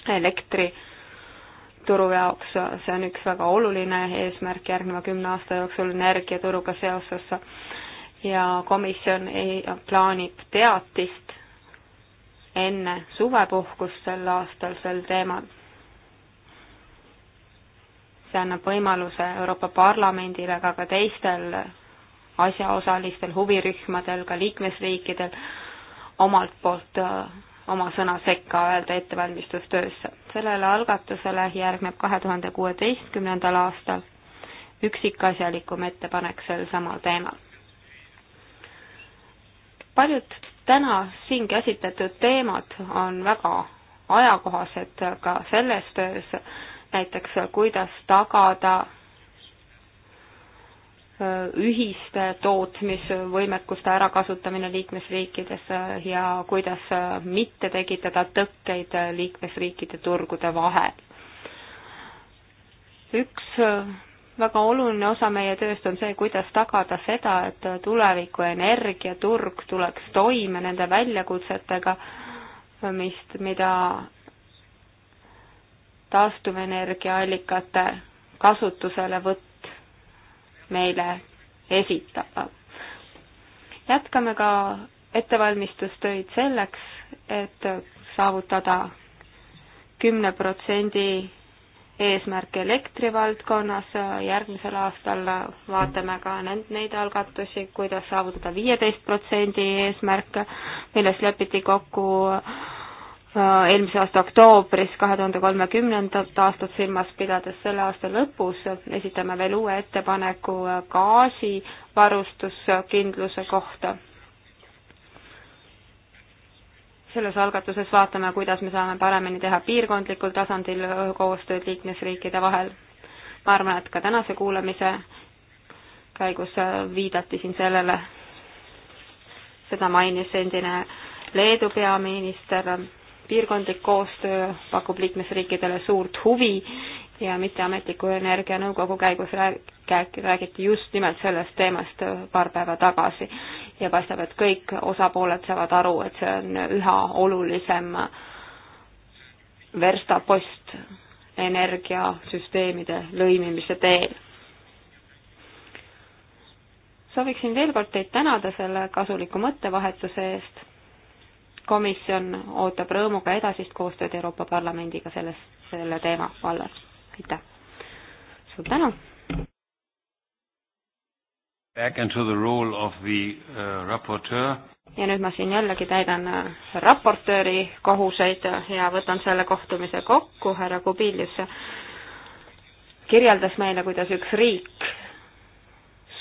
elektri turu jaoks, see on üks väga oluline eesmärk järgneva kümne aasta jooksul energiaturuga seoses ja komisjon ei, plaanib teatist enne suvepuhkust sel aastal sel teemal. see annab võimaluse Euroopa Parlamendile, aga ka teistel asjaosalistel, huvirühmadel, ka liikmesriikidel omalt poolt äh, oma sõna sekka öelda ettevalmistustöösse sellele algatusele järgneb kahe tuhande kuueteistkümnendal aastal üksikasjalikum ettepanek sel samal teemal. paljud täna siin käsitletud teemad on väga ajakohased ka selles töös, näiteks kuidas tagada ühiste tootmisvõimekuste ärakasutamine liikmesriikides ja kuidas mitte tekitada tõkkeid liikmesriikide turgude vahel. üks väga oluline osa meie tööst on see, kuidas tagada seda, et tuleviku energiaturg tuleks toime nende väljakutsetega, mis, mida taastuvenergiaallikate kasutuselevõtt meile esitab. jätkame ka ettevalmistustöid selleks, et saavutada kümne protsendi eesmärk elektrivaldkonnas, järgmisel aastal vaatame ka nend-, neid algatusi, kuidas saavutada viieteist protsendi eesmärk, milles lepiti kokku Äh, eelmise aasta oktoobris kahe tuhande kolmekümnendat aastat silmas pidades, selle aasta lõpus esitame veel uue ettepaneku gaasivarustuskindluse kohta. selles algatuses vaatame, kuidas me saame paremini teha piirkondlikul tasandil koostööd liikmesriikide vahel. ma arvan, et ka tänase kuulamise käigus viidati siin sellele, seda mainis endine Leedu peaminister piirkondlik koostöö pakub liikmesriikidele suurt huvi ja mitteametliku energianõukogu käigus räägiti just nimelt sellest teemast paar päeva tagasi ja paistab, et kõik osapooled saavad aru, et see on üha olulisem verstapost energiasüsteemide lõimimise teel. sooviksin veel kord teid tänada selle kasuliku mõttevahetuse eest komisjon ootab rõõmuga edasist koostööd Euroopa Parlamendiga selles, selle teema vallas. aitäh! suur tänu! Back into the role of the uh, raportöör. ja nüüd ma siin jällegi täidan uh, raportööri kohuseid ja võtan selle kohtumise kokku, härra Kubilius kirjeldas meile, kuidas üks riik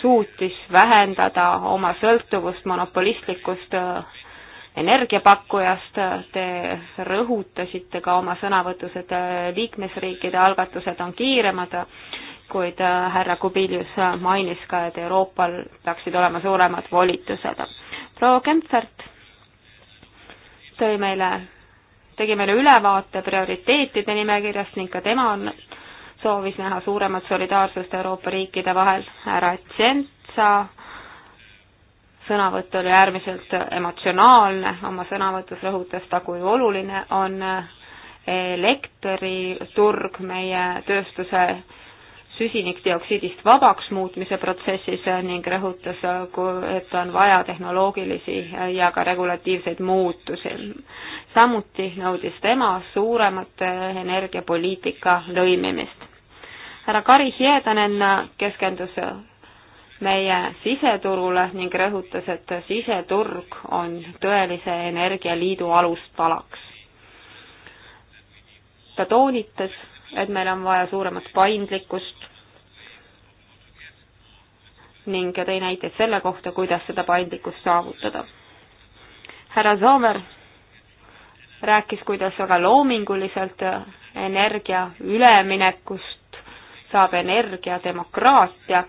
suutis vähendada oma sõltuvust monopolistlikust uh, energiapakkujast, te rõhutasite ka oma sõnavõtus, et liikmesriikide algatused on kiiremad, kuid härra Kubilius mainis ka, et Euroopal peaksid olema suuremad volitused. proua Kempfert tõi meile, tegi meile ülevaate prioriteetide nimekirjast ning ka tema on, soovis näha suuremat solidaarsust Euroopa riikide vahel, härra Tšentsa sõnavõtt oli äärmiselt emotsionaalne, oma sõnavõtus rõhutas ta, kui oluline on eh, elektriturg meie tööstuse süsinikdioksiidist vabaks muutmise protsessis ning rõhutas, et on vaja tehnoloogilisi eh, ja ka regulatiivseid muutusi. samuti nõudis tema suuremat eh, energiapoliitika lõimimist. härra Kari Hiedanen keskendus meie siseturule ning rõhutas, et siseturg on tõelise energialiidu alustalaks. ta toonitas, et meil on vaja suuremat paindlikkust ning tõi näiteid selle kohta, kuidas seda paindlikkust saavutada. härra Soomer rääkis, kuidas väga loominguliselt energia üleminekust saab energia demokraatia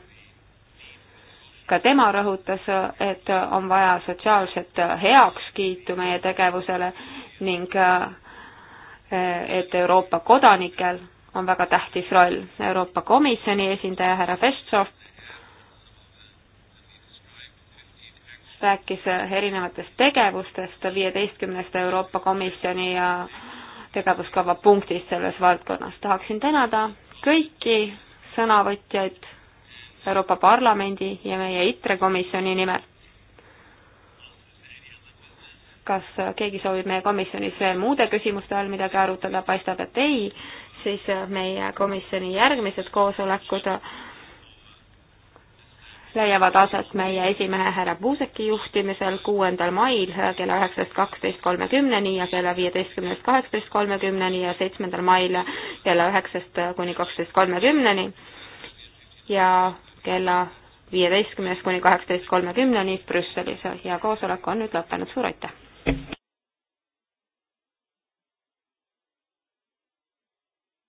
ka tema rõhutas, et on vaja sotsiaalset heakskiitu meie tegevusele ning et Euroopa kodanikel on väga tähtis roll. Euroopa Komisjoni esindaja härra Vestšov rääkis erinevatest tegevustest viieteistkümnest Euroopa Komisjoni ja tegevuskava punktist selles valdkonnas. tahaksin tänada kõiki sõnavõtjaid Euroopa Parlamendi ja meie ITRE komisjoni nimel. kas keegi soovib meie komisjonis veel muude küsimuste all midagi arutada, paistab, et ei, siis meie komisjoni järgmised koosolekud leiavad aset meie esimehe härra Puuseki juhtimisel kuuendal mail kella üheksast kaksteist kolmekümneni ja kella viieteistkümnest kaheksateist kolmekümneni ja seitsmendal mail kella üheksast kuni kaksteist kolmekümneni. ja kella viieteistkümnest kuni kaheksateist kolmekümneni Brüsselis ja koosolek on nüüd lõppenud, suur aitäh!